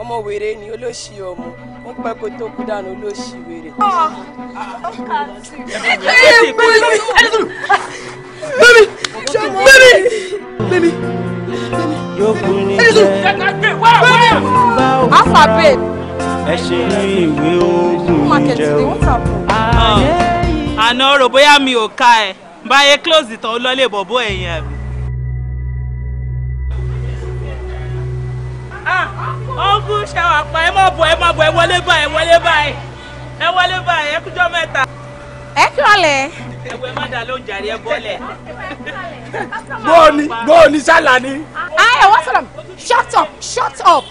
ọmọ wèrè ni olóṣì ọmọ ó pẹ́ kó tó kú dànù olóṣì wèrè. bẹ́ẹ̀ni bẹ́ẹ̀ni bẹ́ẹ̀ni afa babe. ẹ ṣe ìwé oògùn jẹ o. Ah. àná rò bóyá mi ò ka ẹ báyé close ìtàn lọ́lẹ̀ bọ̀bọ̀ ẹ̀yìn àbí. Ah, ó ń bú ṣẹwà pa ẹ má bọ̀ ẹ má bọ̀ ẹ wọlé báyìí ẹ wọlé báyìí ẹ wọlé báyìí ẹ kújọ́ mẹ́ta. ẹ kúrọ̀lẹ́. ẹwẹ́ má dà ló ń jàre ẹ bọ́lẹ̀. gbóòní gbóòní sálàní. ayé ah, wọ́n sọ̀rọ̀ shut up shut up.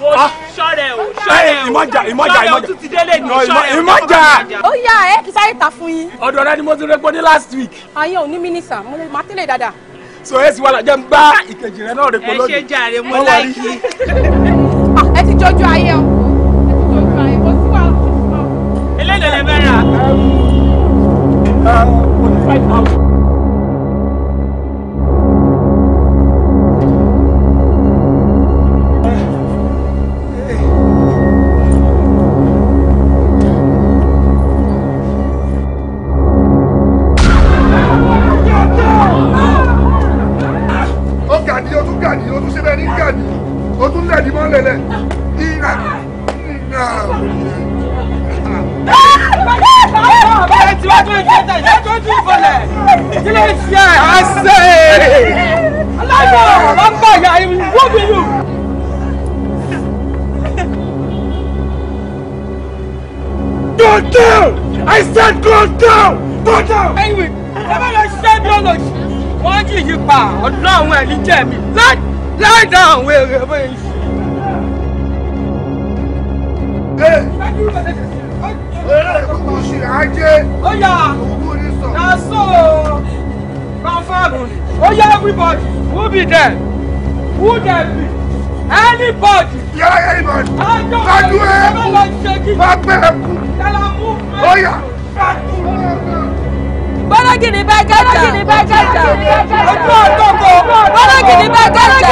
wo ah. o sọ̀rẹ̀ eh, o ìmọ̀jà o tún ti délé ní sọ̀rẹ̀ o ìmọ̀jà. ó yá ẹ kì í sáré ta fún yín. ọ̀dọ̀ rẹ ni mo ti rẹ gbọ́ ní last week. ayé ò ní mínísà mo máa tẹ́lẹ̀ dáadáa so ẹ sì wà lájẹ ń gbá ìkejì rẹ náà rẹ pọ lónìí ẹ ṣe jàre mo láìkí. ẹ ti jọjú ayé o ẹ ti jọjú ayé o sí wàá tuntun náà. eléyìí lè bẹ̀rẹ̀ àkàrà. ọlọ́run ẹ̀ ní jẹ̀bi láì dá àwọn èrè bẹ́ẹ̀ yìí. Eré kòkò ṣì ajé. Ó yà na so confirm. Ó yà everybody who be there who dey be anybody. Yeah, anybody. I don't know. ń ṣe kí. Má bẹ̀rẹ̀ kú. Tẹ̀lá mú ọlọ́gìnì bá jájà ọlọ́gìnì bá jájà ojú ọ̀tọ̀kọ̀ ọlọ́gìnì bá jájà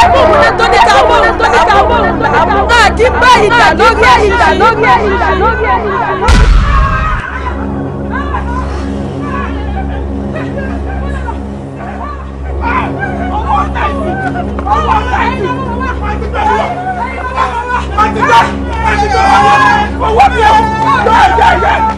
ẹkún múlẹ̀ tó ní tàwọn tó ní tàwọn àkí bá ìjà lórí ìjà lórí ìjà lórí ìjà. Yeah, yeah, yeah.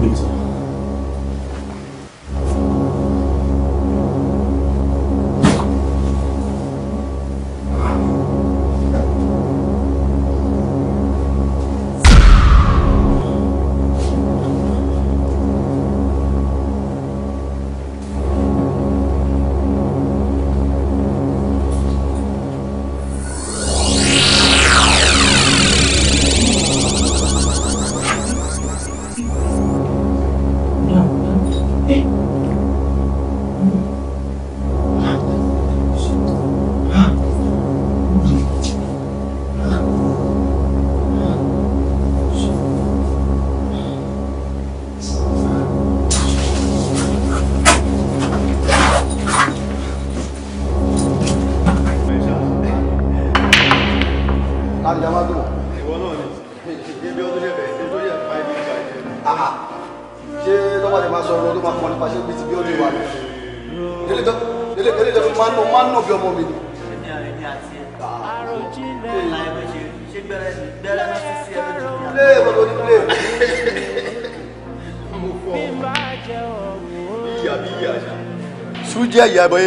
Peace.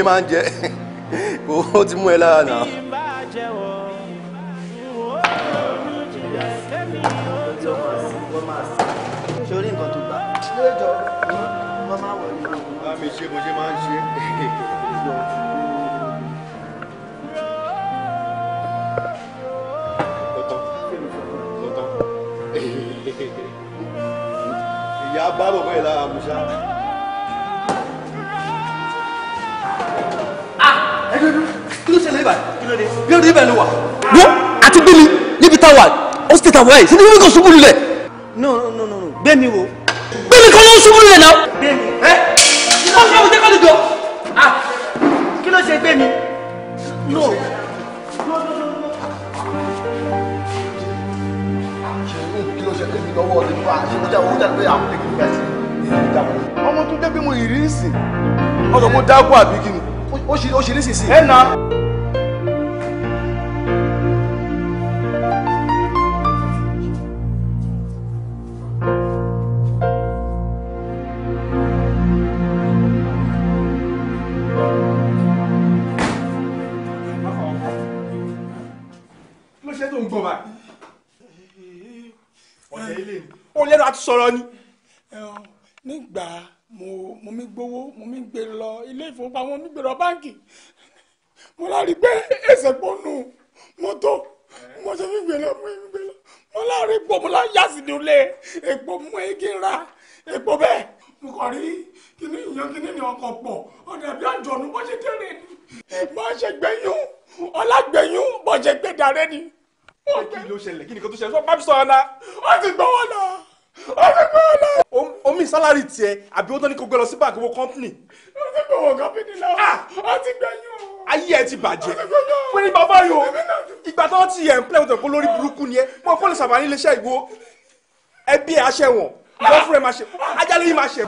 máa ń jẹ ó ti mú ẹ lára náà. ta voix. C'est lui qui se boule. sọ̀rọ̀ ni. nígbà mo mo mi gbowó mo mi gbé lọ ilé ìfowópamọ́ mi gbé lọ báńkì mo lárí gbé ẹsẹ̀ pọ́nù mọ́tò mo ṣe fi gbé lọ mo fi gbé lọ mo lárí pọ̀ mo lá yá sí nílé èpò mú igi ra èpò bẹ́ẹ̀ mo kàn rí kíní ìyàn kíní ni ọkọ̀ pọ̀ ọ̀dà bí àjọ̀nù bó ṣe tẹ̀lé ni bó ṣe gbẹ̀yún ọlágbẹ̀yún bó ṣe gbẹ̀dàrẹ́ ni. kí ló ṣẹlẹ̀ kí ni kò tó ṣẹlẹ̀ sọ bá mi sọ̀rọ̀ náà. ó ti gbọ́ wọn náà ó ti kọ́ ọ lọ. omi sálárì tiẹ̀ àbí ó tán ní kó gbé lọ sí báàgì owó kọ́ńpìnì. ó ti gbé wọn kọ́ńpìnì náà ó ti gbẹ̀yìn o. ayé ẹ ti bàjẹ́ pé ní bàbá o ìgbà tó ti ẹ̀ ń pẹ́ òtò kó lórí burúkú ni ẹ mọ fọ́ọ̀lù sàbà ní iléeṣẹ́ ìwò ẹbí ẹ aṣẹ wọn lọ́fún ẹ máa ṣe ajálẹ̀ yìí máa ṣe.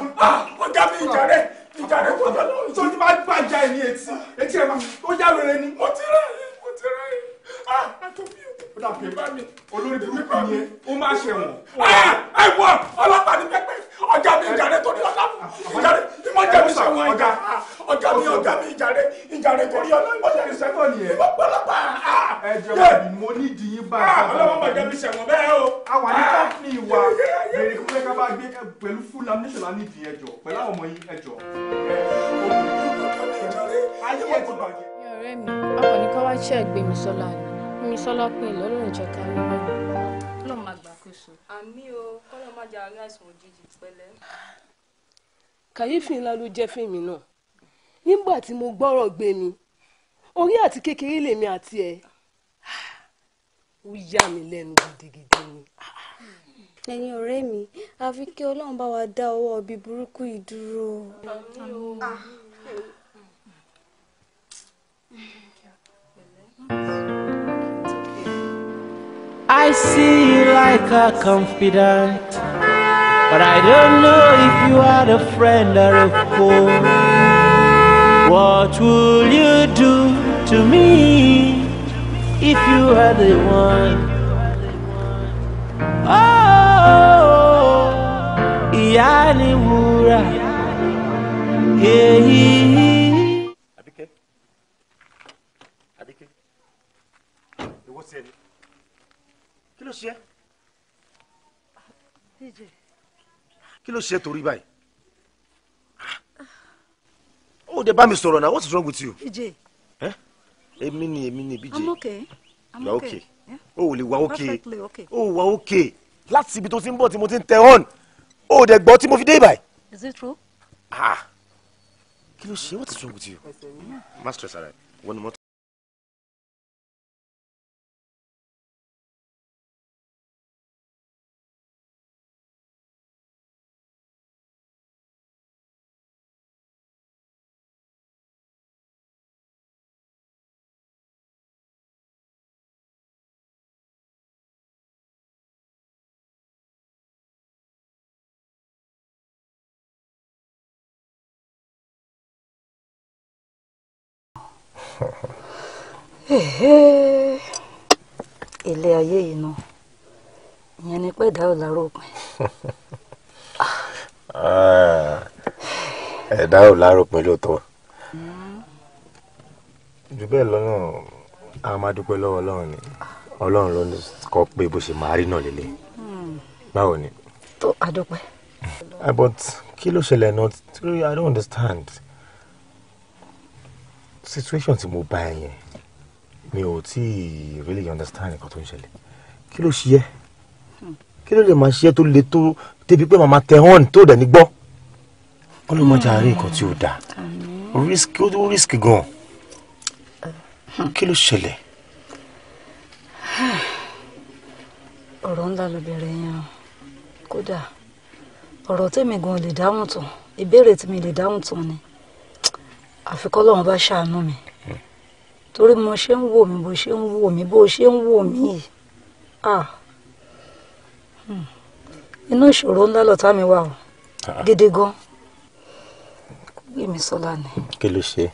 ọjà ah! mi ìjà rẹ ìjà rẹ tó jọ lọ́wọ́. tó ti máa gbàjà ẹ̀ ní etí etí ẹ̀ máa ó já wẹrẹ ni. mo ti rẹ̀ mo ti rẹ̀ ah àtọ́bí o dàbí ẹ bá mi olórí burúkú yẹn ó máa ṣẹ̀wọ̀n. Ah! Ah! ẹ wọ ọlọ́pàá ní pẹ́pẹ́ ọjà mi ìjà rẹ torí ọlá ìjà rẹ ni mo jẹ̀bi sẹ́wọ̀n ọjà ọjà mi ọjà mi ìjà rẹ ìjà rẹ torí ọlá mo jẹ̀bi sẹ́wọ̀n ni ẹ. Ah. ẹ jẹ wà mo ní ìdíyín bá a. ọlọ́wọ́ mo jẹ̀bi sẹ́wọ̀n bẹ́ẹ̀ o. àwa ní kọ́ńtì wa bèrè kúrẹ́ ká bá gbé pẹ̀lú full ammunition láti ìdí pẹ̀lú àwọn ọmọ yín ẹjọ́. ayé ẹ̀ ti wá ṣẹ́ẹ̀ gbé mi sọ́la ni mi sọ́lá pé lọ́lọ́run jẹ́ ká rí bẹ́ẹ̀. ọlọ́run máa gbàkóso. àmì o kọ́lọ́ má jẹ́ àárín àìsàn òjijì pẹ́lẹ́. kàyéfì ńlá ló jẹ́ fèmí náà nígbà tí mo gbọ́rọ̀ gbé mi orí àti kékeré lèmi àti ẹ̀ ó yà mí lẹ́nu gidigidi ni. ẹ̀yin ọ̀rẹ́ mi àfi kí ọlọ́run bá wa dá ọwọ́ ibi burúkú yìí dúró. Thank you. I see you like a confidant, but I don't know if you are a friend or a foe. What will you do to me if you are the one? Oh, Yanni Wura. Yeah, ló ṣe kí ló ṣe torí báyìí ó dé bá mi sọ̀rọ̀ náà what's wrong with you. bj èmi ni èmi ni bj i'm okay i'm okay ó ò lè wá okay ó ò wá okay láti ibi tó ti ń bọ̀ tí mo ti ń tẹ on ó ò dẹ̀ gbọ́ tí mo fi dé ibà. is it true. ah kí ló ṣe what's wrong with you. má stress ara ẹ wọ́n ni ilé ayé yìí nù ìyẹn ni pé ìdá ò lárò pin. Ah, ẹ̀dá ò lárò pin lóòótọ́ jù bẹ́ẹ̀ lọ́nà a máa dúpẹ́ lọ́wọ́ ọlọ́run ni ọlọ́run ló ń kọ́ pé bó ṣe máa rí náà lélẹ̀ báwo ni. tó a dúpẹ́. Ah, but kí ló ṣẹlẹ̀ náà i don't understand situation tí mo bá ẹ yẹn mi ò tí really understand nǹkan tó ń ṣẹlẹ̀ kí ló ṣe é hmm. kí ló lè máa ṣe é tó le tó débi pé màmá tẹ hàn tó dẹ̀ ní gbọ́ ọlọ́mọdé àárín nǹkan tí ò dáa risk ó risk gan hmm. kí ló ṣẹlẹ̀. ọ̀rọ̀ ńlá ló bẹ̀rẹ̀ yẹn o kódà ọ̀rọ̀ tèmi gan lè dáhùn tán ìbéèrè tèmi lè dáhùn tán ni àfi kọ́lọ́run bá ṣàánú mi torí mo ṣe ń wò mí bó ṣe ń wò mí bó ṣe ń wò mí yìí hmm. inú ìṣòro ńlá lọ̀tá mi wà o gidi gan kò gbé mi sọ́la ni. kí ló ṣe.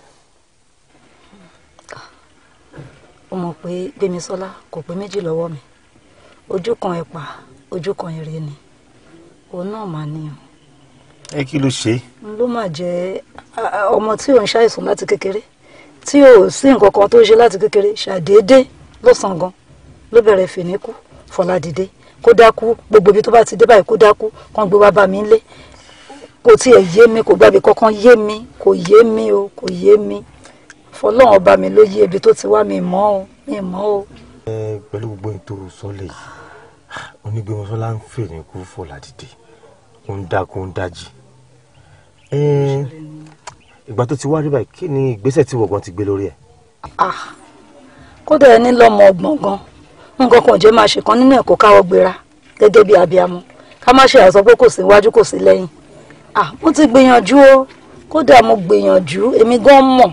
O mọ̀ pé Gbémisọ́lá kò pé méjì lọ́wọ́ mi ojú kan ẹ̀pà ojú kan èrè ni òun náà mà ní ẹ kí ló ṣe. ló máa jẹ ọmọ tí ò ń ṣàìsàn láti kékeré tí ò sí nǹkan kan tó ṣe láti kékeré ṣàdédé ló sàn gan ló bẹ̀rẹ̀ fìníkù fọládìde kó dákú gbogbo ibi tó bá ti dé báyìí kó dákú kàn gbé wá bá mi lé kò tiẹ̀ yé mi kò gbàgbé kankan yé mi kò yé mi o kò yé mi fọlọ́run ọba mi ló yé ibi tó ti wá mi mọ́ o mi mọ́ o. pẹ̀lú gbogbo ètò sọ́lẹ̀ yìí ah, onígbẹ̀mọsọ́lá ń fèrè kú fọládìde ó ń dákú ó ń dájì Eh, ìgbà tó ti wá rí báyìí kí ni ìgbésẹ̀ tí wọ̀gán ti gbé lórí ẹ̀. Ah, kódà ẹni lọ́mọ ọgbọ̀n gan nǹkan kan jẹ́ máa ṣe kan nínú ẹ̀kọ́ káwọ́ gbéra gẹ́gẹ́ bí abiamọ ká má ṣe àsọ pé kò sí iwájú kò sí lẹ́yìn. Ah, mo ti gbìyànjú o kódà mo gbìyànjú èmi gan mọ̀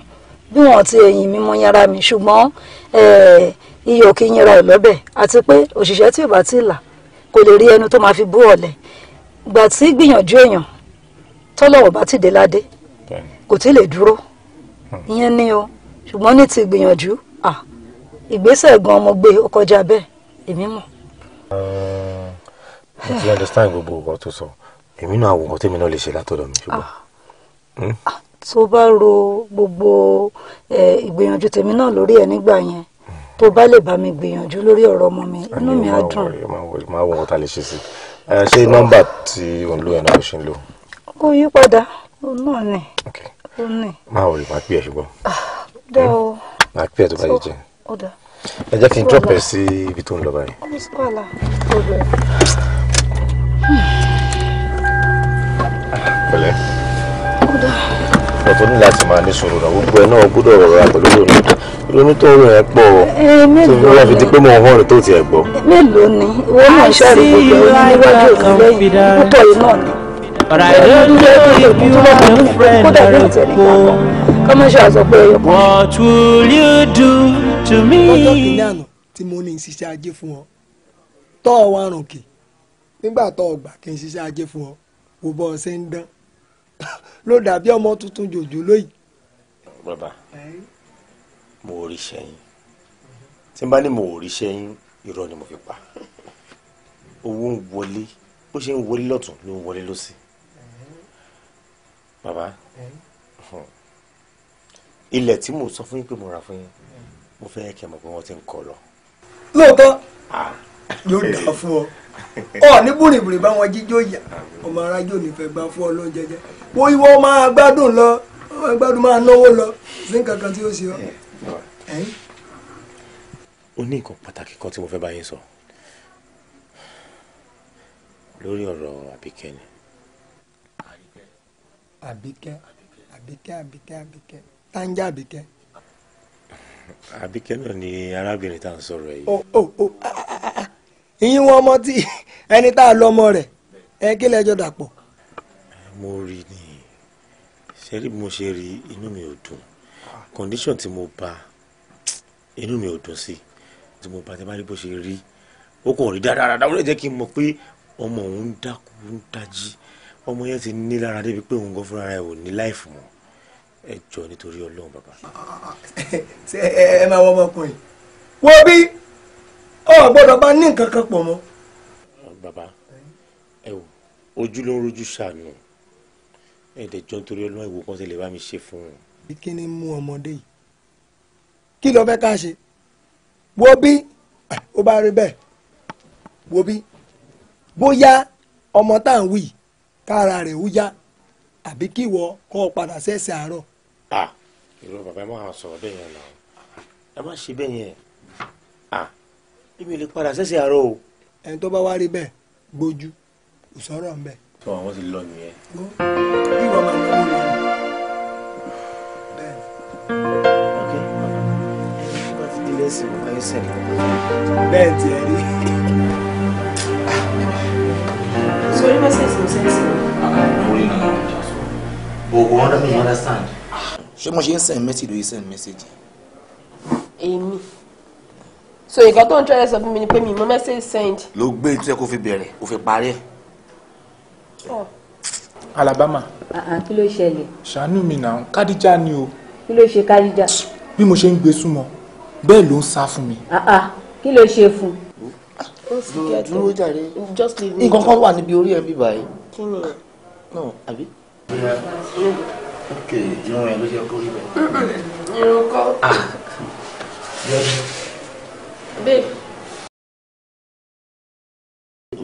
bí wọ́n ti ẹ̀yìn mi mọ yàrá mi ṣùgbọ́n eh, iyọ̀ kì í yanra ẹ̀ lọ́bẹ̀ àti pé òṣìṣẹ́ tí ò bá ti là kò lè rí ẹnu tó máa fi bú ọ̀lẹ̀ gbà tí gbìyànjú èèyàn tọ́lọ́wọ̀ bá ti dé ládé kò tí lè dúró ìyẹn ni o ṣùgbọ́n ní ti gbìyànjú ìgbésẹ̀ gan mo gbé ó kọjá bẹ́ẹ̀ èmi mọ̀. mo ti understand gbogbo nǹkan tó sọ èmi náà àwọn nǹkan tèmi náà lè ṣe látọ̀dọ̀ mi ṣùgbọ́n. tó bá ro gbogbo ìgbìyànjú tèmi náà lórí ẹ nígbà yẹn tó bá lè bá mi gbìyànjú lórí ọ̀rọ̀ ọmọ mi inú mi á dùn. máa wọ ohun tá a lè ṣe sí i ṣé nọ́mbà tí òun lò yẹn náà ló ṣe ń lò ó yí padà ó náà ni, ó nì. máa wọlé máa pè é ṣùgbọ́n. dẹ́ o. máa pè é tó bá yẹ jẹ. ó dà. ẹ jẹ́ kí n drop ẹ sí ibi tó ń lọ báyìí. ó sì wà lá. pẹ̀lẹ́. ó dà. ọ̀tọ̀ ní láti máa ní sọ̀rọ̀ náà gbogbo ẹ náà gbọ́dọ̀ rọra pẹ̀lú ìrònú ìrònú tó ń rìn ẹ pọ̀ tó fi wọ́n fi di pé mo hàn tó tiẹ̀ gbọ́. mélòó ni ìwọ náà ṣàrìkò pẹ̀lú níwájú ìkàwé púpọ̀ yìí náà ni. But I don't know if you have a friend or a foe. What will you do to me? Ọjọ́ kìíní àná tí mo ní ń ṣiṣẹ́ ajé fún ọ, tọ́ ọ wá rùn kì, nígbà tọ́ ọ gbà kí n ṣiṣẹ́ ajé fún ọ, kò bọ́ ọ ṣe ń dán. Ló dàbí ọmọ tuntun jòjò lóyìí. Bàbá, mo rí sẹ́yìn. Tí n bá ní mo rí sẹ́yìn, irọ́ ni mo fi pa. Owó ń wọlé, bó ṣe ń wọlé lọ́tún ló ń wọlé lọ́sìn bàbá ilẹ̀ tí mo sọ fún yín pé mo rà fún yín mo fẹ́ kẹ́ mọ̀ pé wọ́n ti ń kọ lọ. lóòótọ́ yóò dà fún ọ ọ ní búrìbùrì bá wọn jíjó yà ọmọ arájò nífẹ̀ẹ́ gbà fún ọ ló ń jẹjẹ wo ìwọ máa gbádùn lọ máa gbádùn máa náwó lọ sí nǹkan kan tí ó ṣe ọ. ó ní nǹkan pàtàkì kan tí mo fẹ́ bá yín sọ lórí ọ̀rọ̀ àbíkẹ́ni. Abike, Abike, Abike. àbíkẹ́ tánjá Abike. Abike, náà ni arábìnrin tá à ń sọ̀rọ̀ yìí. o o o ìyín wọn ọmọ tí ẹni tá a lọ ọmọ rẹ̀ ẹ kí lẹjọ dàpọ̀. mo rí ni ṣe rí mo ṣe rí inú mi ò dùn condition tí mo bá inú mi ò dùn sí tí mo bá tí bá rí bó ṣe rí ó kàn rí dáadáa ó lè jẹ́ kí n mọ̀ pé ọmọ òun dákú ń dájí ọmọ yẹn ti ní lára débi pé òun gan fúnra rẹ̀ ò ní láìfù mọ́ ẹ jọ nítorí Ọlọ́run bàbá. ṣé ẹ máa wọ ọmọkùnrin wo bí ọ gbọ́dọ̀ bá ní nǹkan kan pọ̀ mọ́. bàbá ẹ wò ojú ló ń rojú ṣàánú ẹ dẹ̀ jọ nítorí Ọlọ́run ìwò kan ṣe lè bá mi ṣe fún un. kí ni mú ọmọdé yìí kí ló fẹ́ ká ṣe wo bí ó bá rí bẹ́ẹ̀ wo bí bóyá ọmọ tá à ń wí yìí kára rẹ̀ ó yá àbí kí ìwọ kọ́ ọ padà sẹ́sẹ̀ àárọ̀. irú bàbá ẹ máa sọ̀rọ̀ bẹ́ẹ̀ yẹn náà ẹ má ṣe bẹ́ẹ̀ yẹn èmi lè padà sẹ́sẹ̀ àárọ̀ o. ẹni tó bá wá rí bẹ́ẹ̀ gbójú kò sọ̀rọ̀ ń bẹ̀. sọ àwọn ti lọ nìyẹn. bí wọn máa ń kú lọ. bẹ́ẹ̀ ọkẹ́ ẹni tó bá ti délé sí i kò kàn ń sẹ̀. bẹ́ẹ̀ tiẹ̀ rí. So you must say some sense. But we to understand. Ṣé mo send message lórí send message? Èmi. So ìgbà tó ń tẹ́lẹ̀ sọ fún mi ni pé mi mo message send. Ló gbé tí ẹ kò fi bẹ̀rẹ̀ kò fi parí ẹ̀. Oh. Alabama. Ah, ah, kí ló ṣẹlẹ̀? Ṣàánú mi náà, Kádíjà ni o. Kí ló ṣe Kádíjà? Bí mo ṣe ń gbé súnmọ́, bẹ́ẹ̀ ló ń sá dúró jàre nǹkan kan wà níbi orí ẹ bí báyìí. kí ni. náà àbí. ok irun ẹ ló jẹ kó rí bẹ́ẹ̀. irun kọ́. Ah. babe.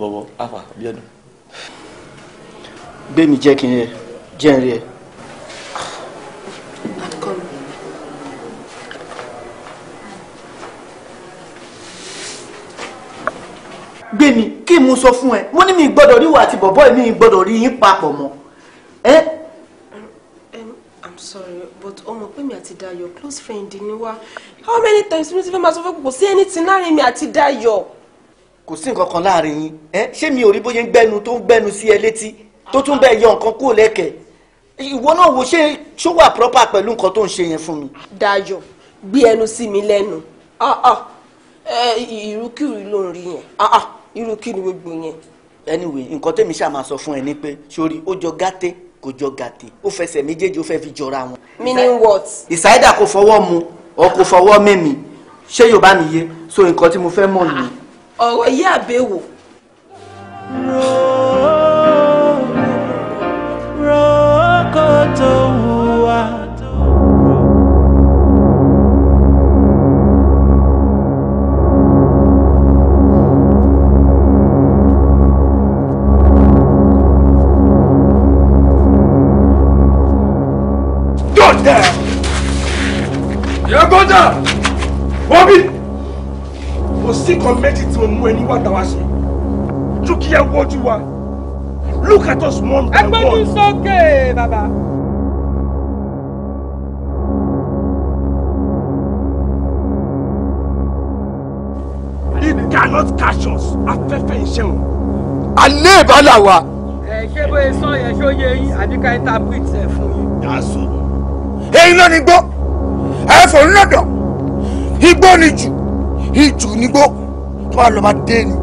bọ̀bọ̀ afa bíọ́dún. gbé mi jẹ́ kí n yẹ jẹ́ n rí ẹ. gbé mi kí mo sọ fún ẹ mo ní mi gbọ́dọ̀ rí wa àti bọ̀bọ́ mi gbọ́dọ̀ rí yín papọ̀ mọ́ ẹ. i'm sorry but ọmọ pé mi àti Dayọ̀ close friend ni wá how many times mo ti fẹ́ máa sọ fún kò sí anything láàrin mi àti Dayọ̀. kò sí nǹkan kan láàrin yín ẹ ṣé mi ò rí bóyá ń gbẹnu tó ń gbẹnu sí ẹ létí tó tún bẹ́ẹ̀ yọ nǹkan kúrò lẹ́kẹ̀ẹ́ ìwọ náà wo ṣé ṣó wà proper pẹ̀lú nǹkan tó ń ṣe yẹn fún mi. Dayọ̀ gbé ẹnu sí mi lẹ́nu ah, ah. irúkìrì ló ń rí yẹn ah, irú kí ni gbogbo yẹn. anyway nǹkan tẹ́mi ṣáà máa sọ fún ẹ ni pé sori ó jọ gàtẹ́ kò jọ gàtẹ́ ó fẹsẹ̀ méjèèjì ó fẹ́ fi jọra wọn. meaning what. ìsáyédà kò fọwọ́ mu ọ kò fọwọ́ mẹ́mi ṣé yorùbá mi yé so nǹkan tí mo fẹ́ mọ̀ nìyẹn. ọ̀rọ̀ yé àbẹ̀wò. ròó Gọ́ńdà! Ìyá Gọ́ńdà! Bọ́bí! Kò sí kan méjì tí mo mú ẹni wá dáwà ṣe. what you want? Look at us one by one. Agbẹ́jú sókè bàbá. It cannot catch us. Afẹ́fẹ́ iṣẹ́ wọn. Àlé ìbálà wa. Ẹ ṣé bóyá sọ yẹn ṣó yẹ yín àbí ká interpret ẹ̀ fún yín. That's so eyín náà nígbó ẹ̀fọ́ ńlọ́dọ̀ igbó ni jù ìjù nígbó tó bá lọ́ọ́ bá dé ni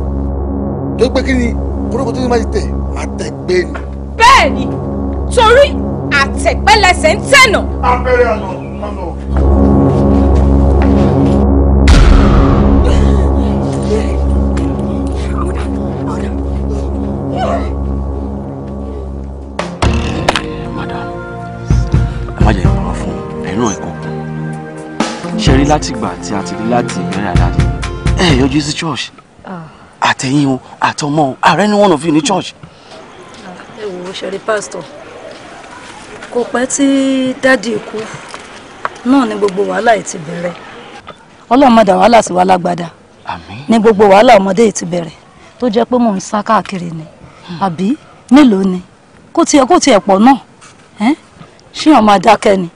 tó gbé kí ni kórókó tó ní máa tẹ̀ máa tẹ̀ gbé ni. bẹ́ẹ̀ ni torí àtẹ̀pẹ́lẹsẹ̀ ń tẹ̀nà. abẹ́rẹ́ àná àná. látìgbà tí a ti rí láti ìbẹ̀rẹ̀ àdáde ẹ yọjú sí church ah. àtẹ̀yìn o àtọmọ o ààrẹ ni one of you ní church. ẹ wo ṣẹ̀rí pásítọ̀ kò pẹ́ tí dádì ikú náà ni gbogbo wàhálà yìí ti bẹ̀rẹ̀ ọlọ́run má dá wàhálà sí wa lágbádá ni gbogbo wàhálà ọmọdé yìí ti bẹ̀rẹ̀ tó jẹ́ pé mò ń sá káàkiri ni hmm. àbí mélòó ni kó tiẹ̀ kó tiẹ̀ pọ̀ náà ṣé ọmọ adákẹ́ ni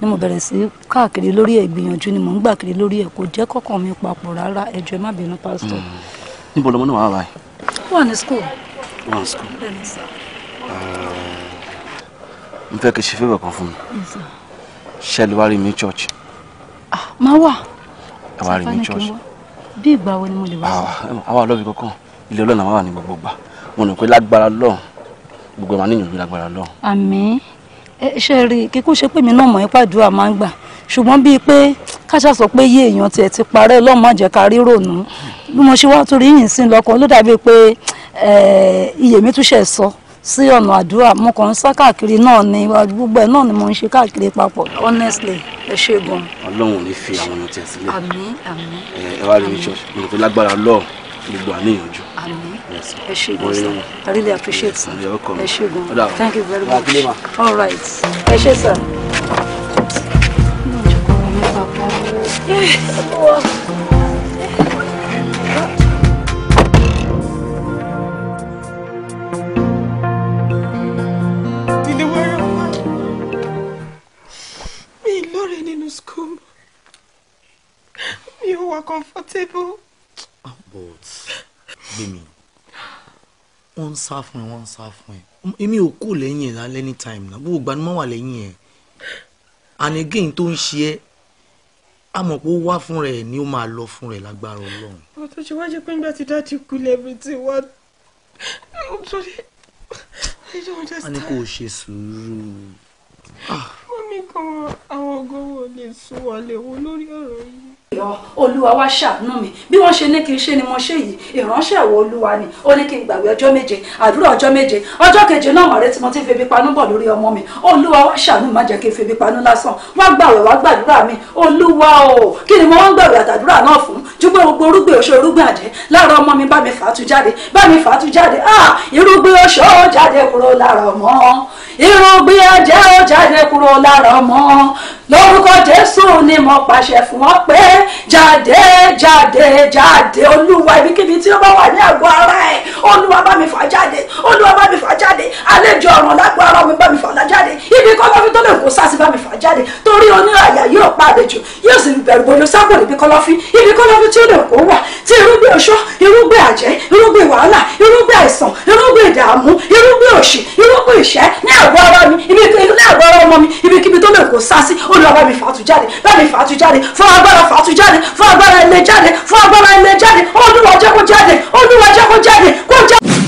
ni mo bẹ̀rẹ̀ sí káàkiri lórí ẹ̀ gbìyànjú ni mò ń gbà kiri lórí ẹ̀ kò jẹ́ kọ́kàn mi papọ̀ rárá ẹ jọ̀ọ́ ẹ má bínú pásítọ̀. Hmm. níbo lọmọ náà wà báyìí. ó wà ní school. ó wà ní school. bẹ́ẹ̀ni sá. n ah, fẹ́ kí ṣe fẹ́ bẹ̀ kan fún mi. ṣẹ́ẹ̀lì wá rí mi church. Ah, máa wà. ẹ wá rí mi church. bí ìgbà wo ni mo lè wá a ah, àwa ọlọ́bi kankan ilé ọlọ́run àwa wà ní gbogbo gbà mo rò pé lágbára lọ́run gbogbo ẹ̀ máa níyànjú lágbára lọ́run. àmín ṣe rí i kíkú ṣe pé mi náà mọ̀ ẹ́ pàdúrà máa ń gbà ṣùgbọ́n bíi pé káṣá sọ pé yé èèyàn tiẹ̀ ti parẹ́ lọ́mọ jẹ́ ká rí rònú bí mo ṣe wá torí yìnyín sí lọ́kàn ló dàbí pé iyè mi túṣẹ̀ sọ sí ọ̀nà àdúrà mo kàn ń sá káàkiri náà ni gbogbo ẹ̀ náà ni mo ń ṣe káàkiri papọ̀ honestly ẹ ṣe gan. ọlọ́run ò ní fi àwọn ọ̀nà tẹ̀ sílẹ̀ àmín àmín ẹ wá rí mi ṣọ́ọ̀ṣì mo tó lágbára lọ́ọ̀ gbogbo àníyànjú. àmín ẹ ṣe gan sir i really appreciate sir ẹ ṣe gan thank you very much all right ẹ sir. comfortable. But, Bimi, wọ́n ń sá fún ẹ wọ́n ń sá fún ẹ èmi ò kú lẹ́yìn ẹ̀ lálẹ́ ní time náà gbogbo gbanimọ́ wà lẹ́yìn ẹ̀ and again tó ń ṣe ẹ́ a mọ̀ pé ó wá fún rẹ̀ ni ó máa lọ fún rẹ̀ lágbára ọlọ́run. ọ̀rọ̀ tó ṣe wá jẹ́ pé nígbà tí dáàdì kú lẹ́bi tí wá sórí I don't understand. a ní kò ṣe sùúrù. Ah. wọ́n ní kan àwọn ọgọ́wọ́ lè sún wa lè wo lórí ọ̀rọ̀ yìí ìrọ̀ olúwa wá ṣàánú mi bí wọ́n ṣe ní kí n ṣe ni mo ṣe yìí ìránṣẹ́ ìwọ olúwa ni ó ní kí n gbàgbé ọjọ́ méje àdúrà ọjọ́ méje ọjọ́ keje náà mọ̀rẹ́ tí mo ti febi panú bọ̀ lórí ọmọ mi olúwa wá ṣàánú má jẹ́ kí n febi panú lásán wá gbàwẹ̀ wá gbàdúrà mi olúwa o kí ni mo wá ń gbàwẹ̀ àtàdúrà náà fún ju pé gbogbo orúgbè oṣó orúgbè àjẹ́ lára ọmọ mi bá mi fà á tú jáde bá mi fà á tú jáde ah irúgbè oṣó jáde kúrò lára ọmọ irúgbìn ẹ̀jẹ̀ ó jáde kúrò lára ọmọ lórúkọ jésù ni mo pàṣẹ fún wọn pé jáde jáde jáde olúwa ibikíbi tí ó bá wà ní àgọ́ ara ẹ̀ olúwa bá mi fà jáde olúwa bá mi fà jáde àlejò ọ̀ràn lágbo ara mi bá mi fà jáde ibi kọ̀lọ̀fín tó lè kó sásì bá mi fà jáde torí oníràyà yóò pa àlejò yóò sì bẹ̀rù bolo sábò níbi kọ̀lọ̀fín ibi kọ̀lọ̀fín tí ó lè kó wà tí irúgbìn oṣó irúgbìn àjẹ́ irúgbìn wàhálà irúgbìn àìsàn irúgbìn ìdààmú irúgbìn òṣì irúgbìn ìṣẹ́ ní àgọ́ ara mi ibi ní àgọ́ ara ọmọ mi ibikíbi tó lè kó sásì olú olúwa bá mi fàtú jáde bá mi fàtú jáde fún agbára fàtú jáde fún agbára ilé jáde fún agbára ilé jáde olúwa jẹ́ kó jáde olúwa jẹ́ kó jáde kó jáde.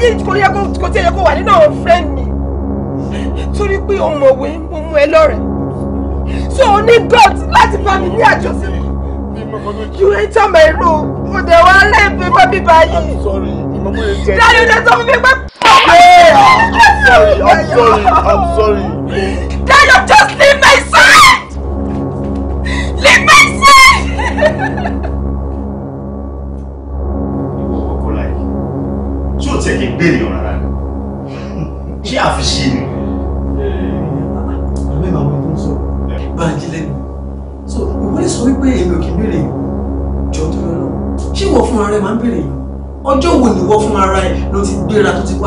ayé kò yẹ kó tiẹ̀ yẹ kó wà nínú àwọn friend mi torí pé ọmọwé mo mú ẹ lọ́rẹ̀ẹ́ so o ní god láti bá mi ní àjọṣepọ̀ you enter my room mo dẹ̀ wá lẹ́ẹ̀pẹ́ mọ́ bíbá yìí dáadé ló sọ fún mi pé. I'm sorry, I'm sorry, I'm sorry. Daniel, just leave my side! Leave my side!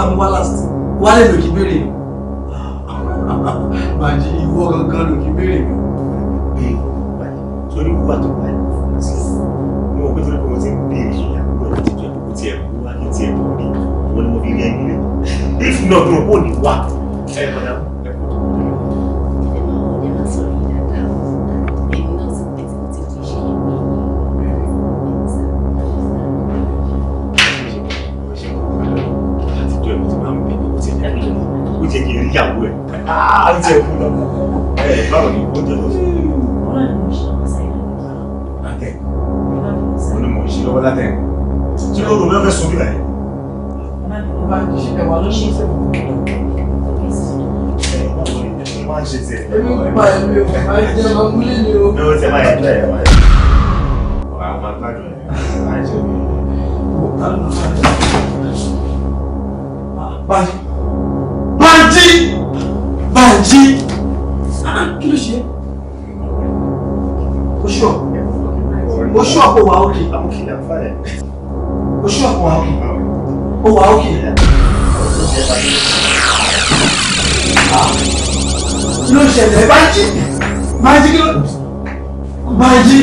bá mi wá last wálé lòkì béèrè Ah, á jẹ kú lọ. ẹ báwo ni ó jẹ lọsọ. látẹ ó ní mò ń ṣe lọ́wọ́ látẹ kí ló rò mí lọ́fẹ̀ẹ́ sùn bí báyìí. ọba kì í ṣe ẹwà ló ṣe é sẹ́kù. ẹ máa ń ṣe tiẹ̀. èmi ń pa ẹ̀mí o máa ń jẹ́ ọmọ múlẹ̀ ni o. ẹ ó ti máa yẹ kí ẹ máa yẹ. wàá máa gbádùn ẹ̀ máa ń ṣe mí. Banji! Banji! jí. Ah, kí ló ṣe? ó ṣọ̀ ó ṣọ̀ kó wà ókè. ó ṣọ̀ kó wà ókè. ó wà ókè. Ah. kí ló ṣẹlẹ̀ bá jí? bá jí kí ló bá jí.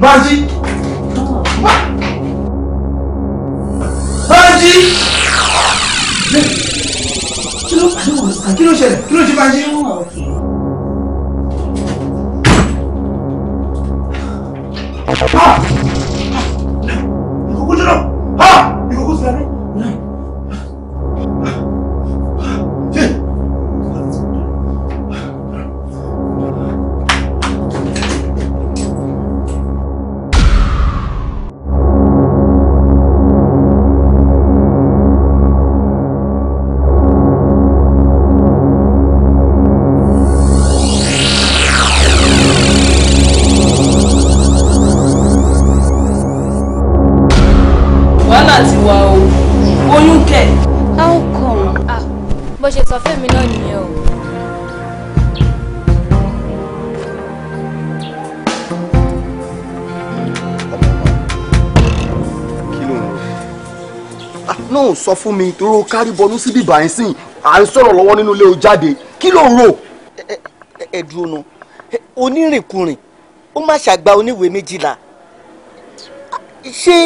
bá ah. jí. kí ló ṣẹlẹ̀ kí ló ṣe máa ṣe. Ah! sọ fún mi tó ro kárí bọnú síbí bàá ń sìn à ń sọ̀rọ̀ lọ́wọ́ nínú ilé o jáde kí ló ń rò. ẹ onírìnkùnrin ó má ṣàgbà oníwèé méjìlá ṣé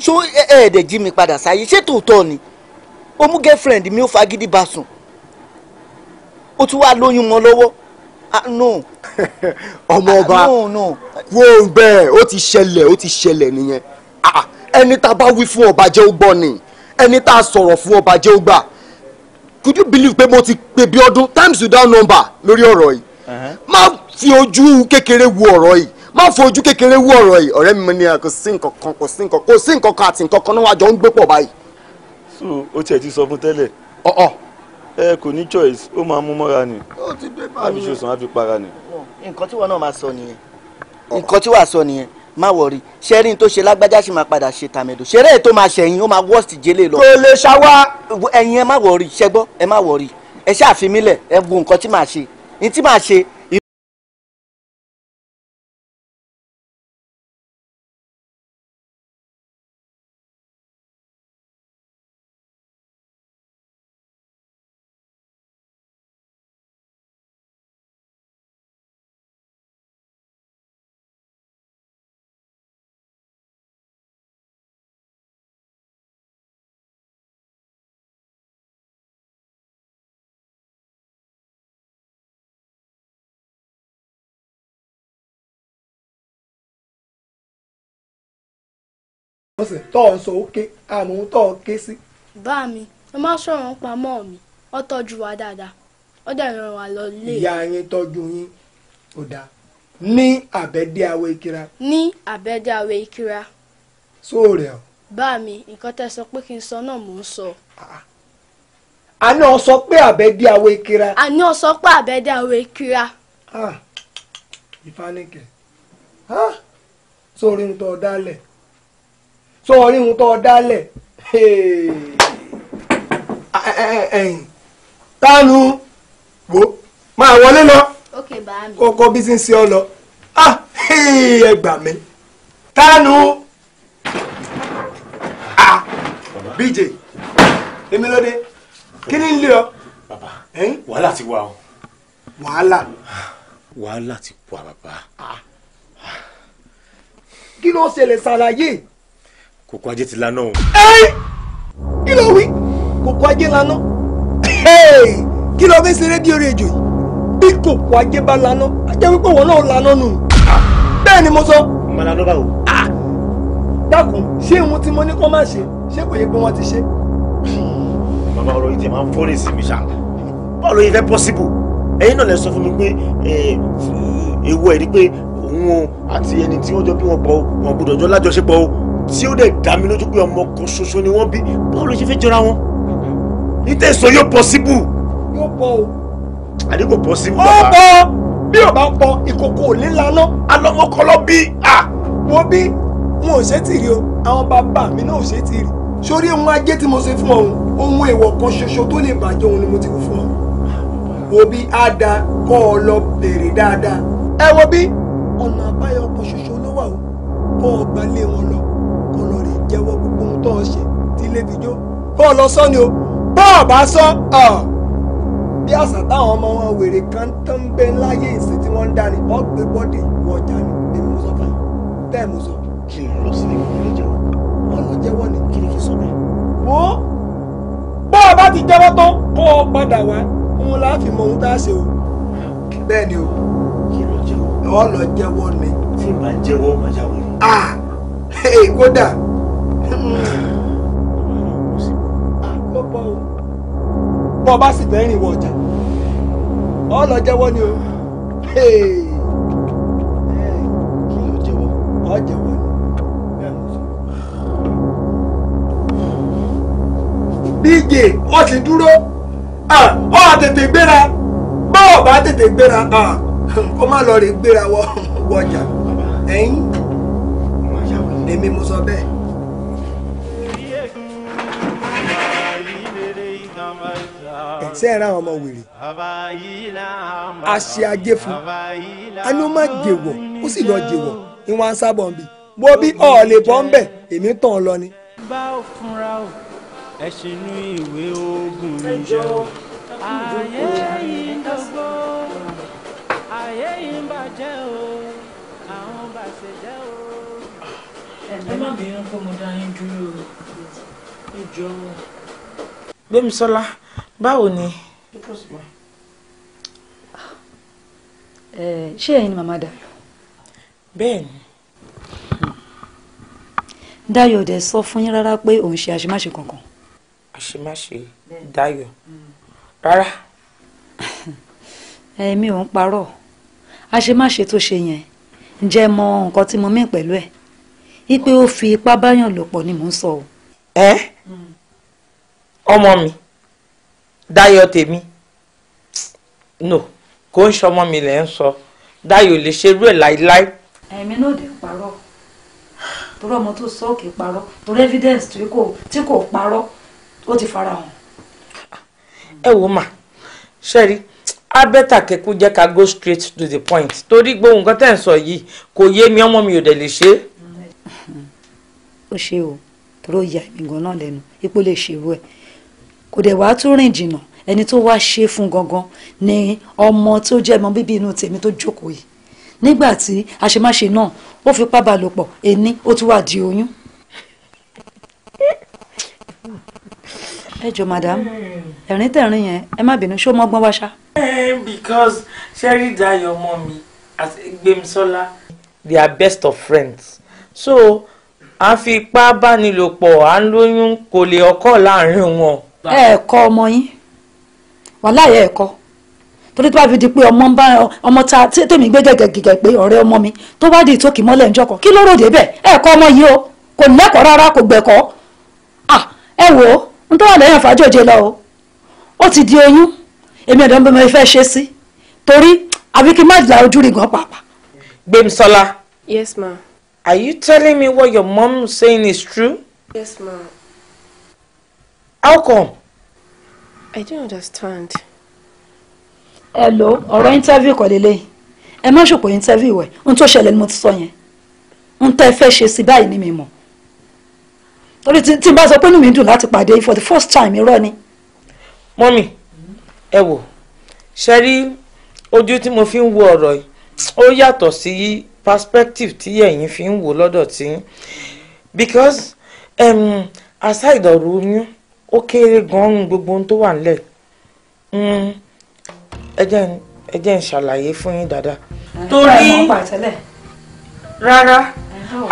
ṣó ẹ̀ẹ́dẹ̀ jí mi padà sáyé ṣé tòótọ́ ni ó mú girlfriend mi ó fagídí bá sùn ó tún wá lóyún mọ́ lọ́wọ́ ah, no. ọmọ ọba ah, wo bẹ́ẹ̀ ó ti ṣẹlẹ̀ ó ti ṣẹlẹ̀ nìyẹn ah, ẹni tá a bá wí fún ọba jẹ́ ó gbọ́ ni ẹni tá a sọ̀rọ̀ fún ọba jẹ́ ó gbà could you believe pé mo ti pè bí ọdún times without number lórí ọ̀rọ̀ yìí uh-huh. má fi ojú kékeré wo ọ̀rọ̀ yìí má fi ojú kékeré wo ọ̀rọ̀ yìí ọ̀rẹ́ mi ni kò sí nǹkan kan kò sí nǹkan kò sí nǹkan àti nǹkan náà wàá jọ ń gbé pọ̀ báyìí. so o tiẹ̀ ti sọ fún tẹ́lẹ̀ ọ̀ọ́ ẹ kò ní choice ó máa mú mọ́ra ni àfi ṣòsàn àfi para ni. nǹkan tí wọn náà máa sọ nìyẹn nǹkan tí wàá sọ nìyẹn má wọrí ṣẹ́rí tó ṣe lágbájá sì máa padà ṣe tàmẹ̀dò ṣeré ètò máa ṣẹ̀yìn ó máa worst jẹ́lẹ̀ lọ. kò lè ṣàwá. ẹ̀yin ẹ má wọrí ṣẹ́gbọ́ ẹ má wọrí ẹ ṣáà fi mí lẹ̀ ẹ wo nǹkan tí màá ṣe ní tí màá ṣe ọ̀sẹ̀ tó ń sọ òkè àmọ́ tó ń ké sí. bá mi ẹ má sọ̀rọ̀ nípa mọ́ mi ó tọ́jú wa dáadáa ó dẹ̀ ràn wá lọ lé. ìyá yín tọ́jú yín ó dáa ní àbẹ́dé awé kíra. ní àbẹ́dé awé kíra. sóòrè o. bá mi nǹkan tẹ́ sọ pé kí n sọ náà mò ń sọ. àní ọ sọ pé àbẹ́dé awé kíra. àní ọ sọ pé àbẹ́dé awé kíra. ìfanìkẹ́ ah. ah. sórí ń tọ́ dálẹ̀. sọ oríhun tó dálẹ̀ tánu wo máa wọlé lọ kókó bí sí ń ṣe ọ lọ ẹ gbà mí tánu bíje èmi lóde kí ni ń lé ọ. bàbá wàhálà ti wà o. wàhálà. wàhálà ti wà bàbá. kí ló ṣẹlẹ̀ ṣàlàyé kòkó ajé ti laná o. kí ló wí kòkó ajé laná kí ló fi ṣe rédíò rẹ̀ jò yìí bí kòkó ajé bá laná a jẹ́ wípé wọn náà laná nù bẹ́ẹ̀ ni mo sọ. mo laná báwo. Ah! dákun ṣé ìwọ̀n tí mo ní kó má ṣe ṣé kò yẹ pé wọ́n ti ṣe. bàbá ọ̀rọ̀ yìí tẹ̀ máa ń fọ́rẹ̀ sí mi ṣá báwo ló yẹ fẹ́ pọ́síbù ẹ̀yin náà lè sọ fún mi pé ewu ẹ̀rí pé òun àti ẹni tí wọ́n jọ bí wọ́n pọ̀ wọ́n gbọ́dọ̀ jọ lájọṣepọ̀ o tí ó dẹ̀ dá mi lójú pé ọmọ kan ṣoṣo ni wọ́n bí báwo ló ṣe fẹ́ jọra wọn nítẹ̀sán yóò pọ́síbù. yóò pọ o. àdínkù pọ́síbù bàbá. ó pọ bí ò bá pọ ìkòkò ò lè laná. alọ́mọkọlọ́ bí. wọ́n bí wọn ò ṣe ti rí o àwọn bàbá mi náà ò ṣe ti rí sórí ohun ajé tí mo ṣe fún ọhún ohun èèwọ̀ kan ṣoṣo tó lè bàjẹ́ òun ni mo ti kú fún ọ wo bí á kọ́ ọ gbalé wọn lọ jẹ́wọ́ gbogbo ohun tó ń ṣe tí ilé fi jó bọ́ọ̀ lọ sọ ni o bọ́ọ̀ bá sọ bí àṣà táwọn ọmọ wọn wèrè kan tó ń bẹ láyé ìsìn tí wọ́n ń dání wọ́n gbé bọ́dì wọ ọjà ni èmi mo sọ fún un bẹ́ẹ̀ mo sọ. kí ni lọ sílé kí ni jẹ́wọ́. lọ jẹ́wọ́ ni kí ni kí sọ bẹ́ẹ̀. wo bọ́ọ̀ bá ti jẹ́wọ́ tán kó o padà wá òun la fi mọ ohun tá a ṣe o. bẹ́ẹ̀ ni o. kí ló lọ jẹ́wọ́ ni. tí n bá jẹ́wọ́ máa jáwé. ah kódà. Hey, bọ́ ọ bá sì fẹ́ rìn wọ ọjà ọ lọ jẹ́wọ́ ni o kí ló jẹ́wọ́ ọ jẹ́wọ́ ni. díje ọ ti dúró ọ tètè gbéra bọ́ ọ bá tètè gbéra kó má lọ rè gbéra wọ ọjà ẹ̀yìn èmi mo sọ bẹ́ẹ̀. ṣé ẹ ra àwọn ọmọ wèrè àṣẹ ajé fún a ní ó má jèwọ̀ ó sì lọ jèwọ̀ ìwọ̀n sábọ̀ ń bì wo bí ọ̀ọ́lẹ̀ bọ́ ń bẹ̀ èmi tàn án lọ ni. bá ò fúnra o ẹ ṣì ní ìwé oògùn mi jẹ o ayé yìí ń dọgbó ayé yìí ń bàjẹ́ o àwọn bàṣẹ jẹ́ o. ẹ má bínú pé mo dá yín dúró o ẹ báwo ni. Eh, ṣé ẹ̀yin ni màmá Dayọ̀. bẹ́ẹ̀ ni. Hmm. Dayọ̀ dẹ̀ sọ fún yín rárá pé òun ṣe àṣemáṣe kankan. àṣemáṣe Dayo hmm. rárá. èmi eh, ò parọ́ àṣemáṣe tó ṣe yẹn ǹjẹ́ mọ nǹkan tí mo mí pẹ̀lú ẹ̀ ipe ó fi ipá báyàn lò pọ̀ ni mò ń sọ o. ẹ hmm. ọmọ mi. Mm Dayọ̀ tèmi no kò ń ṣọmọ mi lẹ́ ń sọ Dayọ̀ lè ṣerú ẹ̀ láíláí. ẹ̀mí náà dé parọ́ torí ọmọ tó sọ òkè parọ́ torí evidence tí kò tí kò parọ́ ó ti fara hàn. ẹ wo mà ṣẹ́rí abẹ́tà kẹ́kú jẹ́ ká go straight to the point torí gbóhùn nǹkan tẹ̀ ń sọ yìí kò yé mi ọmọ mi ò dẹ̀ lè ṣe é. ó ṣe o torí ó ya ìgbọ̀n náà lẹ́nu ipò lè ṣerú ẹ̀ kò dẹ̀ wá tún rìn jìnnà ẹni tó wá ṣe fún gangan ni ọmọ tó jẹ́ ọmọ bíbí inú tèmi tó jókòó yìí nígbà tí àṣemáṣe náà ó fipá bá lò pọ̀ ẹni ó tún wà di oyún. ẹ jọ madam ẹ̀rín tẹ̀rín yẹn ẹ má bínú ṣó mọ́gbọ́n wá ṣá. Eh, because sherry dayo ọmọ mi àti gbemisola they are best of friends so à ń fi ipá bánilòpọ̀ à ń lóyún kò lè ọkọ̀ láàrin wọn ẹ kọ́ ọmọ yín wàhálà yẹ ẹ kọ́ torí tó bá fi di pé ọmọ bá ọmọ ta tèmi gbé gẹgẹgẹ pé ọ̀rẹ́ ọmọ mi tó bá di ìtòkì mọ́lẹ̀ ńjọ́ kan kí ló ròde bẹ́ẹ̀ ẹ kọ́ ọmọ yìí o kò lẹ́kọ̀ọ́ rárá kò gbẹ̀kọ́ à ẹ wò ó n tó wà lẹ́yìn àfájòjé lọ o ó ti di oyún èmi ọ̀dọ́ bí mo fẹ́ ṣe sí torí àbí kí n má la ojú rí gan pàápàá. Gbémisọ́lá. Yes ma. Are you telling me what your mom saying is true? Yes ma how come. I don't understand. Hello ọ̀rọ̀ interview kọ́ lélẹ́yìn ẹ má ṣòpò interview ẹ̀ ohun tó ṣẹlẹ̀ ni mo ti sọ yẹn ohun tẹ́ ẹ fẹ́ ṣe sí báyìí ni mi mọ̀ torí tí n bá sọ pé inú mi dùn láti pàdé for the first time irọ́ ni. mọ́mì ẹ wò ṣe rí ojú tí mo fi ń wo ọ̀rọ̀ yìí ó yàtọ̀ sí perspective tí ẹ̀yin fi ń wò lọ́dọ̀ tí because um, aside ọ̀rọ̀ oyún ó kéré gan-an gbogbo ohun tó wà nílẹ̀ hmm, ẹ jẹ́ ń ṣàlàyé fún yín dáadáa. torí rárá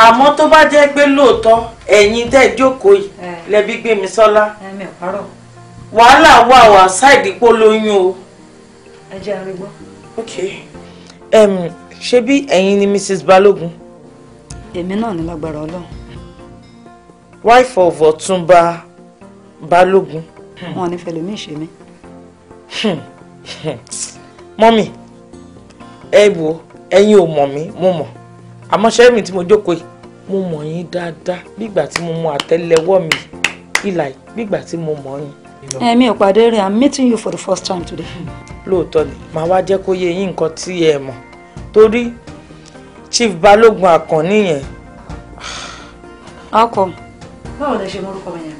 àmọ́ tó bá jẹ́ pé lóòótọ́ ẹ̀yin tẹ́ jókòó yìí lẹ́bí Gbémisọ́lá wàhálà wà wà ṣáìdì pó lóyún o. ẹ jẹ́ àrígbọ́. ok ṣé bí ẹ̀yin ni Mrs. Balógun. èmi náà ní lágbára Ọlọ́run. wife of Ọ̀túnba. Uh, balógun. Hmm. wọn ní fẹlẹ mi ṣe mí. Hmm. mọ́mì ẹ wo ẹ̀yin ò mọ̀ mí mo mọ̀ àmọ́ ṣẹ́mi tí mo jókòó yìí mo mọ̀ yín dáadáa bígbà tí mo mọ àtẹ́lẹwọ́ mi ìlà bígbà tí mo mọ̀ yín. ẹ̀mí ò pàdé rẹ̀ i'm meeting you for the first time today. Hmm. lóòótọ́ ni màá wá jẹ́ kó yé yín nǹkan tí ẹ mọ̀ torí chief balógun àkànní yẹn. how come. báwo lẹ ṣe mọ orúkọ mi yẹn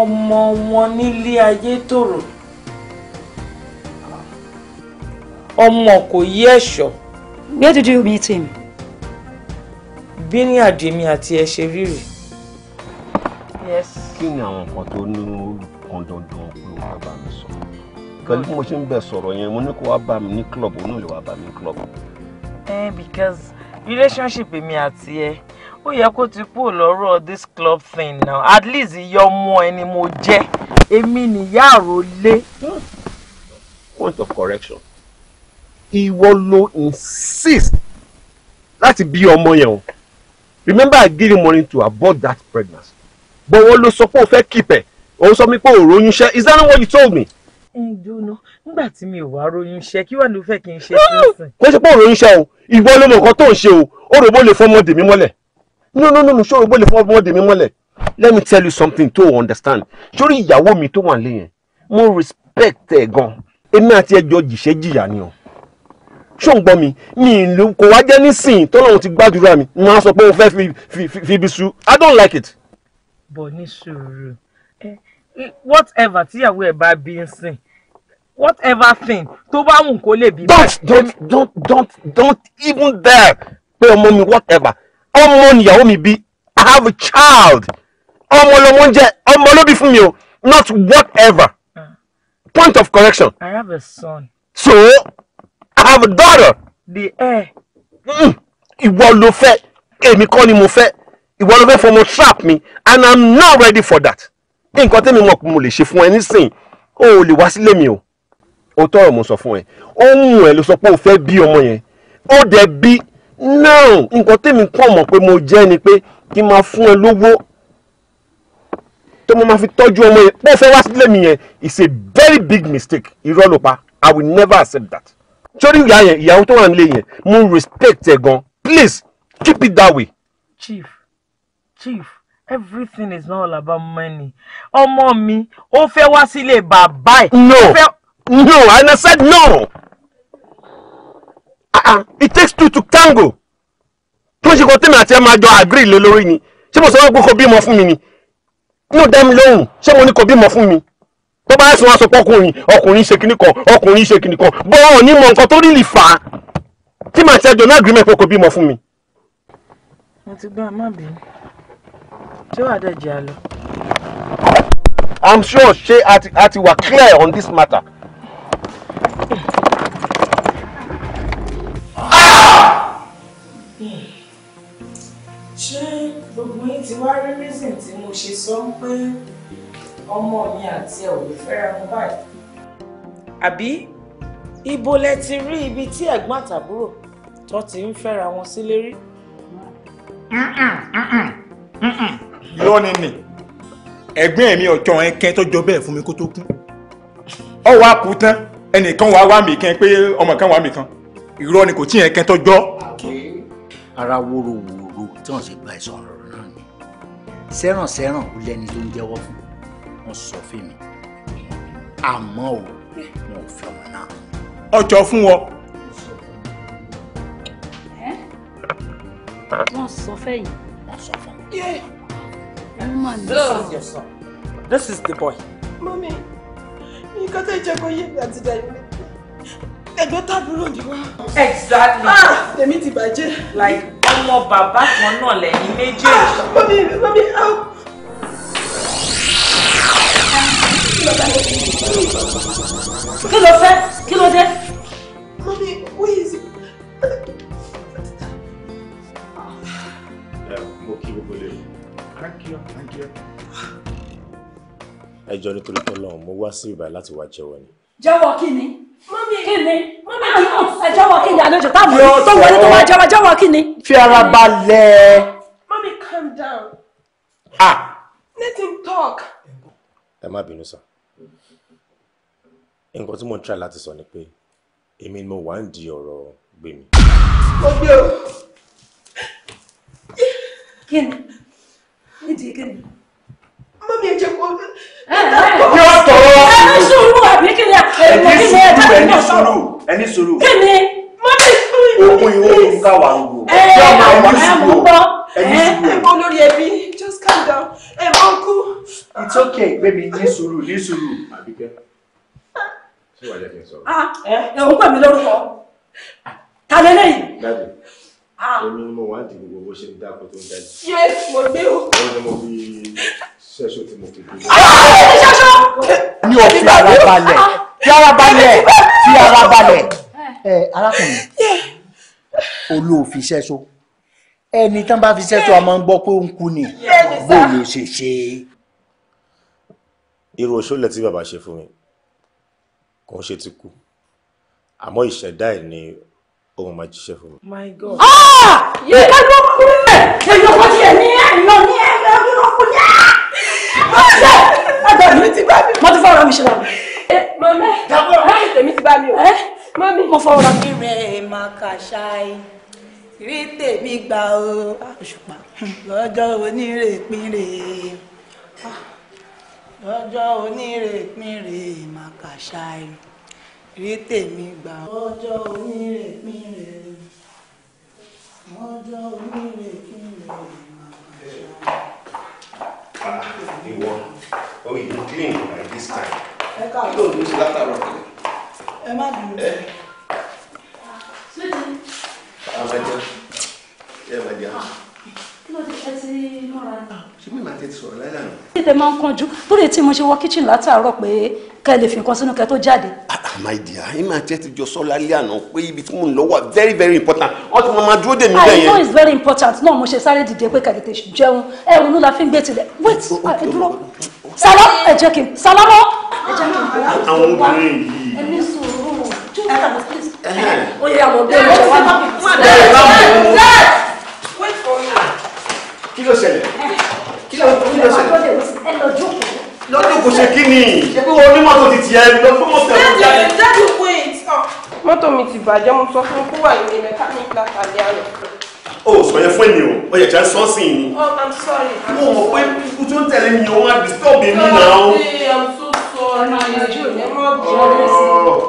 ọmọ wọn nílé ayé tòrò ọmọ kò yí ẹ̀ṣọ́. Where did you meet him? bí ní àdèmí àti ẹ ṣe Yes. kí ni àwọn nǹkan tó ní olùkọ́ dandan pé ó bá mi sọ pẹ̀lú bí mo ṣe ń bẹ̀ sọ̀rọ̀ yẹn mo ní kó wá bá mi ní club òun náà lè wá bá mi ní club. Eh, because relationship èmi àti ẹ. Eh ó yẹ kó ti kúrò lọ́rọ̀ this club thing now at least iye ọmọ ẹ ni mo jẹ́ èmi nìyá àròlé. Hmm. point of correction ìwọ ló insist láti bí ọmọ yẹn o remember I gave you money to abort that pregnancy gbọ́wọ́ ló sọ pé o fẹ́ keep ẹ̀ òun sọ mi pé òun ròyìn iṣẹ́ is that not what you told me. ń dúná nígbà tí mi ò wá ròyìn iṣẹ́ kí wàá ló fẹ́ kí n ṣe ah! fún un. kó ṣe pé òun ròyìn iṣẹ́ o ìwọ ló mọ nǹkan tó ń ṣe o ó rò bó lè fọmọ dèmí mọ́lẹ̀ no no no ṣòro bó lè fọ́ bọ́ dèmí mọ́lẹ̀ let me tell you something to understand sórí ìyàwó mi tó wà lẹ́yìn mo respect ẹ̀ gan èmi àti ẹjọ́ jìṣẹ́ jìyà ni o ṣó ń gbọ́ mi mi ìlú kò wá jẹ́ nísìn tọ́lọ́run ti gbàdúrà mi máa sọ pé o fẹ́ fi fi ibi su i don't like it. bọ̀ ní sùúrù whatever tíyàwó ẹ̀ bá bí ń sìn whatever thing tó bá wù kó lè bí. don't don't don't don't don't even dare pé ọmọ mi whatever ọmọ nìyàwó mi bí i have a child ọmọ lọmọ jẹ ọmọ ló fún mi o not whatever hmm. point of correction. I have a son. So I have a daughter. The heir. Hmm. Ìwọ ló fẹ́, èmi kọ́ ni mo fẹ́, ìwọ ló fẹ́ fọmọ trap mi and I'm not ready for that. Nǹkan tẹ́mi mọ̀ pé mo lè ṣe fún ẹ nísìnyí, o ò lè wá sílé mi o. O tọrọ mo sọ fún ẹ, ó ń mú ẹ ló sọ pé o fẹ́ bí ọmọ yẹn, ó dẹ̀ bí No, nǹkan tèmi kàn mọ̀ pé mo jẹ́ ni pé kí n máa fún ẹ lówó tó mo máa fi tọ́jú ọmọ yẹn bó fẹ́ wá sílé mi yẹn it's a very big mistake irọ́ ló pa i will never accept that. sórí ìyá yẹn ìyàwó tó wà nílé yẹn mo respect ẹ gan please keep it that way. chief chief everything is not all about money ọmọ mi ó fẹ́ wá sílé bàbá ẹ̀. no no i said no. Ah, it takes two to tango tó ń ṣe kan tèmi àti ẹ máa jọ agree lé lórí ni ṣé mo sọ wọn pé kò bímọ fún mi ni No dem mi lóhùn ṣé mo ní kò bímọ fún mi tó bá sùn wá sọ pé ọkùnrin ọkùnrin ṣe kinní kan ọkùnrin ṣe kinní kan bọ́ ọ̀ ní mọ nǹkan tó rí lè fà á tí màá ti ẹjọ́ ní agreement pé kò bímọ fún mi. mo ti gbọ́ ọmọ bí ṣé wàá dẹ̀ àlọ́. I'm sure ṣé a ti wà clear on this matter. ṣé gbogbo yín ti wá rí reason tí mo ṣe sọ pé ọmọ mi àti ẹ̀ ò fẹ́ra wọn báyìí. àbí ibo lẹ ti rí ibi tí ẹ̀gbọ́n àtàbúrò tó ti ń fẹ́ra wọn sí lérí. irọ́ ni nì ẹ̀gbọ́n ẹ̀mí ọjọ́ ẹ̀ kẹ́ tó jọ bẹ́ẹ̀ fún mi kó tó kú ọ wá kú tán ẹnìkan wàá wá mi kan pé ọmọ kan wàá mi kan irọ́ ni kò tí yẹn kẹ́ tó ara wóró wóró tí wọ́n ṣe gba ẹ̀sọ́ ọ̀rọ̀ náà ni sẹ́ràn sẹ́ràn ó lẹ́ni tó ń jẹ́wọ́ fún wọn sọ fún mi àmọ́ o wọn ò fẹ́ is the boy ẹ̀gbọ́n tàbúrò ni wá. exactly. Ah, tèmi ti bàjẹ́. like ọmọ bàbá kan náà lẹ́yìn méjèèjì. mami mami aw. kí ló fẹ́ kí ló dé. mami where is it. mo kí gbogbo lè thank you thank you. ẹ jọ nítorí tọ́lọ́run mo wá sí ìbàdàn láti wá jẹ́wọ́ ni. jẹ́wọ́ kí ni. Ah, ah, ẹjọ́wọ́ kí ni àlejò táàbù tó wọlé tó wá jẹ́wọ́ jẹ́wọ́ kí ni. fi ara balẹ̀. calm down. ah. let him talk. ẹ má bínú sá nǹkan tí mo ń try láti sọ ni pé èmi mo wà ń di ọ̀rọ̀ gbèmí. mo gbé o. kí mọ́mí ẹ jẹ́ kó. yóò tọrọ. ẹni sùúrù àbí kí ni ẹni sùúrù ẹni sùúrù ẹni sùúrù. kí ni mọ́mí sùúrù. ohun ìwé òun ká wà ń wò. ẹ ẹ àwọn ẹmu gbọ́ ẹ ẹmu lórí ẹbí just calm down ẹ mọ n kú. it's okay baby ní sùúrù ní sùúrù. àbíkẹ́ ṣé wàá jẹ́ kí n sọ̀rọ̀. Ah, ẹ ẹ òun pè mí lórúkọ ta lélẹ́yìn ah. èmi ni mo wá di gbogbo bó ṣe ń dáko tó ń dájú. yẹ mo gbé o. ó ní mo fi ṣẹ́ṣọ tí mo fi gbé. ní o fi ara balẹ̀ ah, fi ara balẹ̀ ah, ah, fi ara balẹ̀ ẹ eh. eh, arákùnrin olóòfi ṣẹ́ṣọ ẹni tán bá fi ṣẹ́ṣọ a máa ń gbọ́ pé ó ń kú ni bó ló ṣe ṣe. irú oṣoolẹ tí bàbá ṣe fún mi kò ń ṣe ti kú àmọ́ ìṣẹ̀dá ẹ̀ ni ohun máa jíṣẹ́ fún mi. my god. ah yẹ ká ló kú ẹ ẹ yọ kó tiẹ̀ ní ẹ lọ ní ẹ ṣe ẹgbẹ́ mi ti bá mi. mo ti fọ́ ọ̀rọ̀ mi ṣe lánàá. Eh, mọ́mí láì tèmi ti bá mi o. Eh? mọ́mí mo fọ́ ọ̀rọ̀ mi. rẹ̀ máa kà ṣáì rí tèmi gbà o ah, òṣùpá lọ́jọ́ onírèpínrè ah, lọ́jọ́ onírèpínrè máa kà ṣáì rí tèmi gbà o. lọ́jọ́ onírèpínrè lọ́jọ́ onírèpínrè máa kà ṣáì. You ìwọ oh you clean by this time. ẹ káàbọ̀ ló ló ṣe látàrọ tẹ́lẹ̀. ẹ má dùn ẹ. Eh? sweetie. àwọn ẹja ẹ máa jẹun ṣé mi máa tètè sọ̀rọ̀ láyé àná. tètè máa ń kánjú lórí tí mo ṣe wọ kíchìn látàárọ̀ pé kẹ́ ẹ lè my dear ẹ máa tètè jọ sọ lálẹ́ àná pé ibi tí mo ń lọ wà very very important wọ́n ti máa dúró dè mí bẹ́ẹ̀ yẹn. I know it's very important náà mo ṣe sáré dìde pé kàdìtè jẹun ẹ ronú la fi ń gbé tilẹ̀ wait ẹ dúró sálọ ẹ jẹ́ kí n sálámọ́. àwọn obìnrin yìí. ẹ ní sùúrù ó yẹ àwọn obìnrin wọn kí ló ṣẹlẹ̀ kí ló ṣẹlẹ̀ lọ́dún kò ṣe kí ni ṣe pé onímọ́tò ti tiẹ̀ lọ fún mọ́tò ẹ̀kọ́ jáde. dájú wait oh. mọ́tò mi ti bàjẹ́ mo sọ fún kó wà ní mechanic látàlí àná. o sọ yẹn fún èmi o o yẹ kí a sọ sí i ni. oh i'm sorry. mo mọ̀ pé ikú tó ń tẹ̀lé mi o wá disturb mi oh, náà. ọ̀sẹ̀ i'm so sorry. ọ̀nà ìyànjú ni mo jẹ́ ọ́ sí.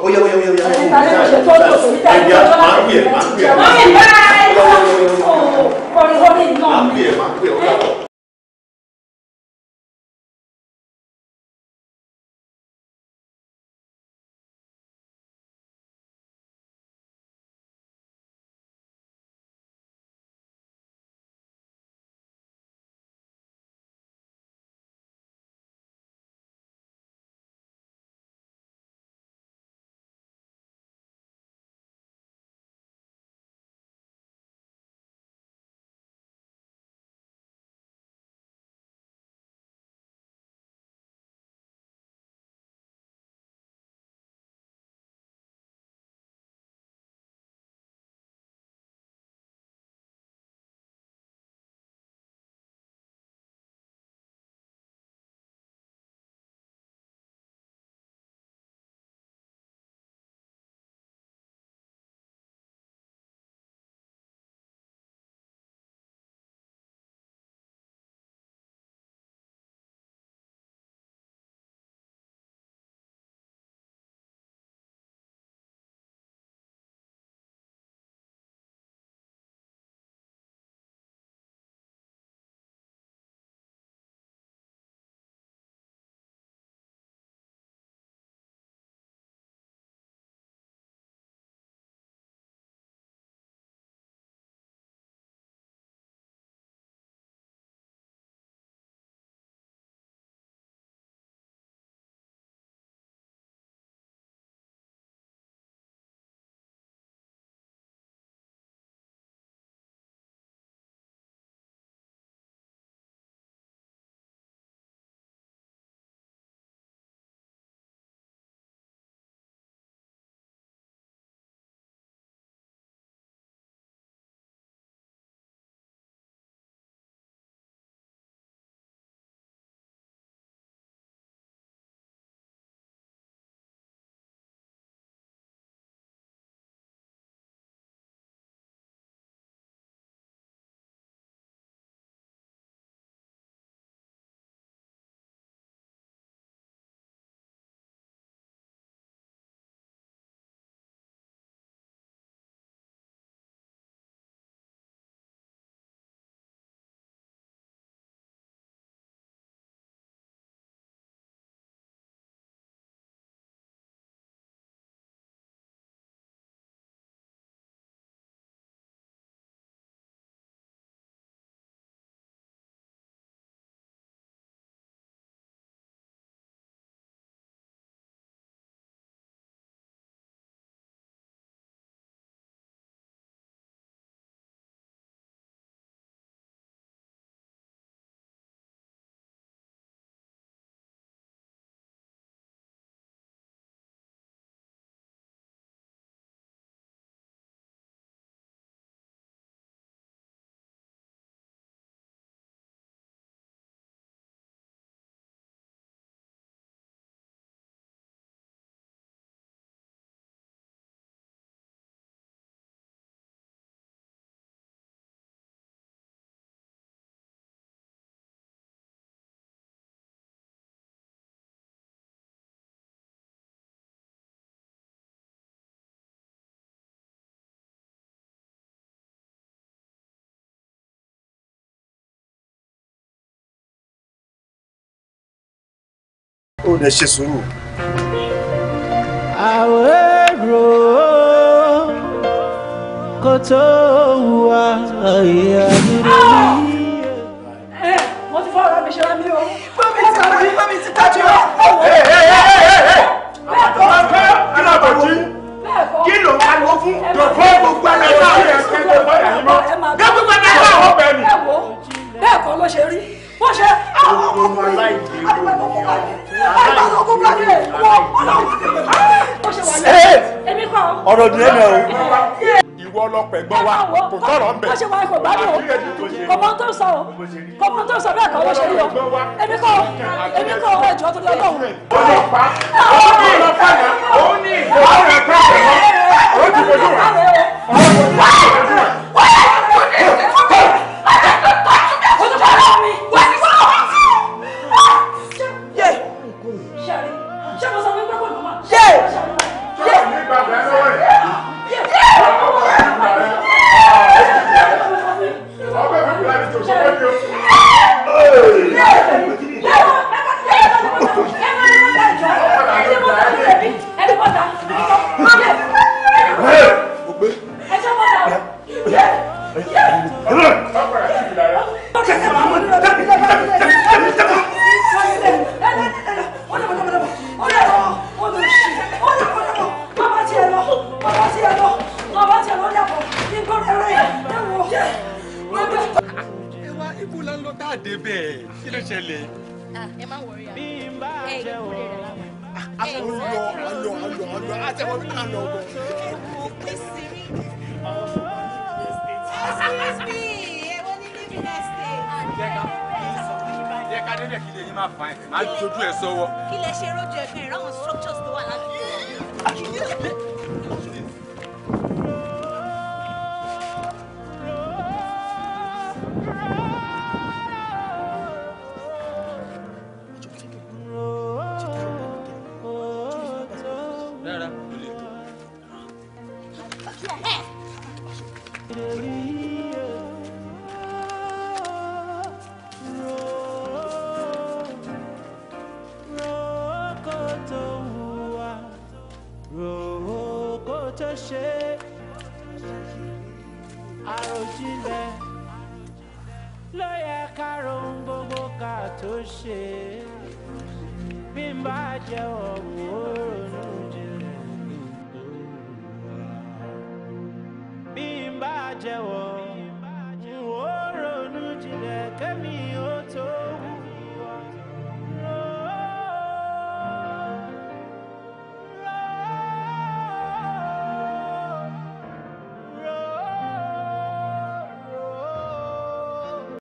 oya oya oya oya. àti tàbí mo ṣe tó tó tó níta. ẹ̀yà máa ń wí ẹ̀ máa ń wí ẹ̀. mọ́mí báyìí. 发力，发力，你弄。ó dẹ̀ ṣe sùúrù. àwọn èrò kò tó wà ìyá nílé mi. mo ti fọ́ ọ̀rọ̀ mi ṣọ́ra mi o. bọ́mi ti kọ́ mi bọ́mi ti tọ́jú ọ. bẹ́ẹ̀ kọ́ ló ṣe rí bó ṣe ọ̀rọ̀ dùn ẹ́nà o. ìwọ ọlọpẹ gbọ́ wa kò tọrọ ń bẹ. bó ṣe wà kò gbádùn o kọmọ tó sọ o kọmọ tó sọ bẹ́ẹ̀ kọ́ bó ṣe rí èmi kọ́ èmi kọ́ ọwọ́ ìjọ tó lọ́dọ̀ o. ọlọ́pàá ó ní ọlọ́pàá ó ní ìwọ ọlọ́pàá ó ti fojú wa.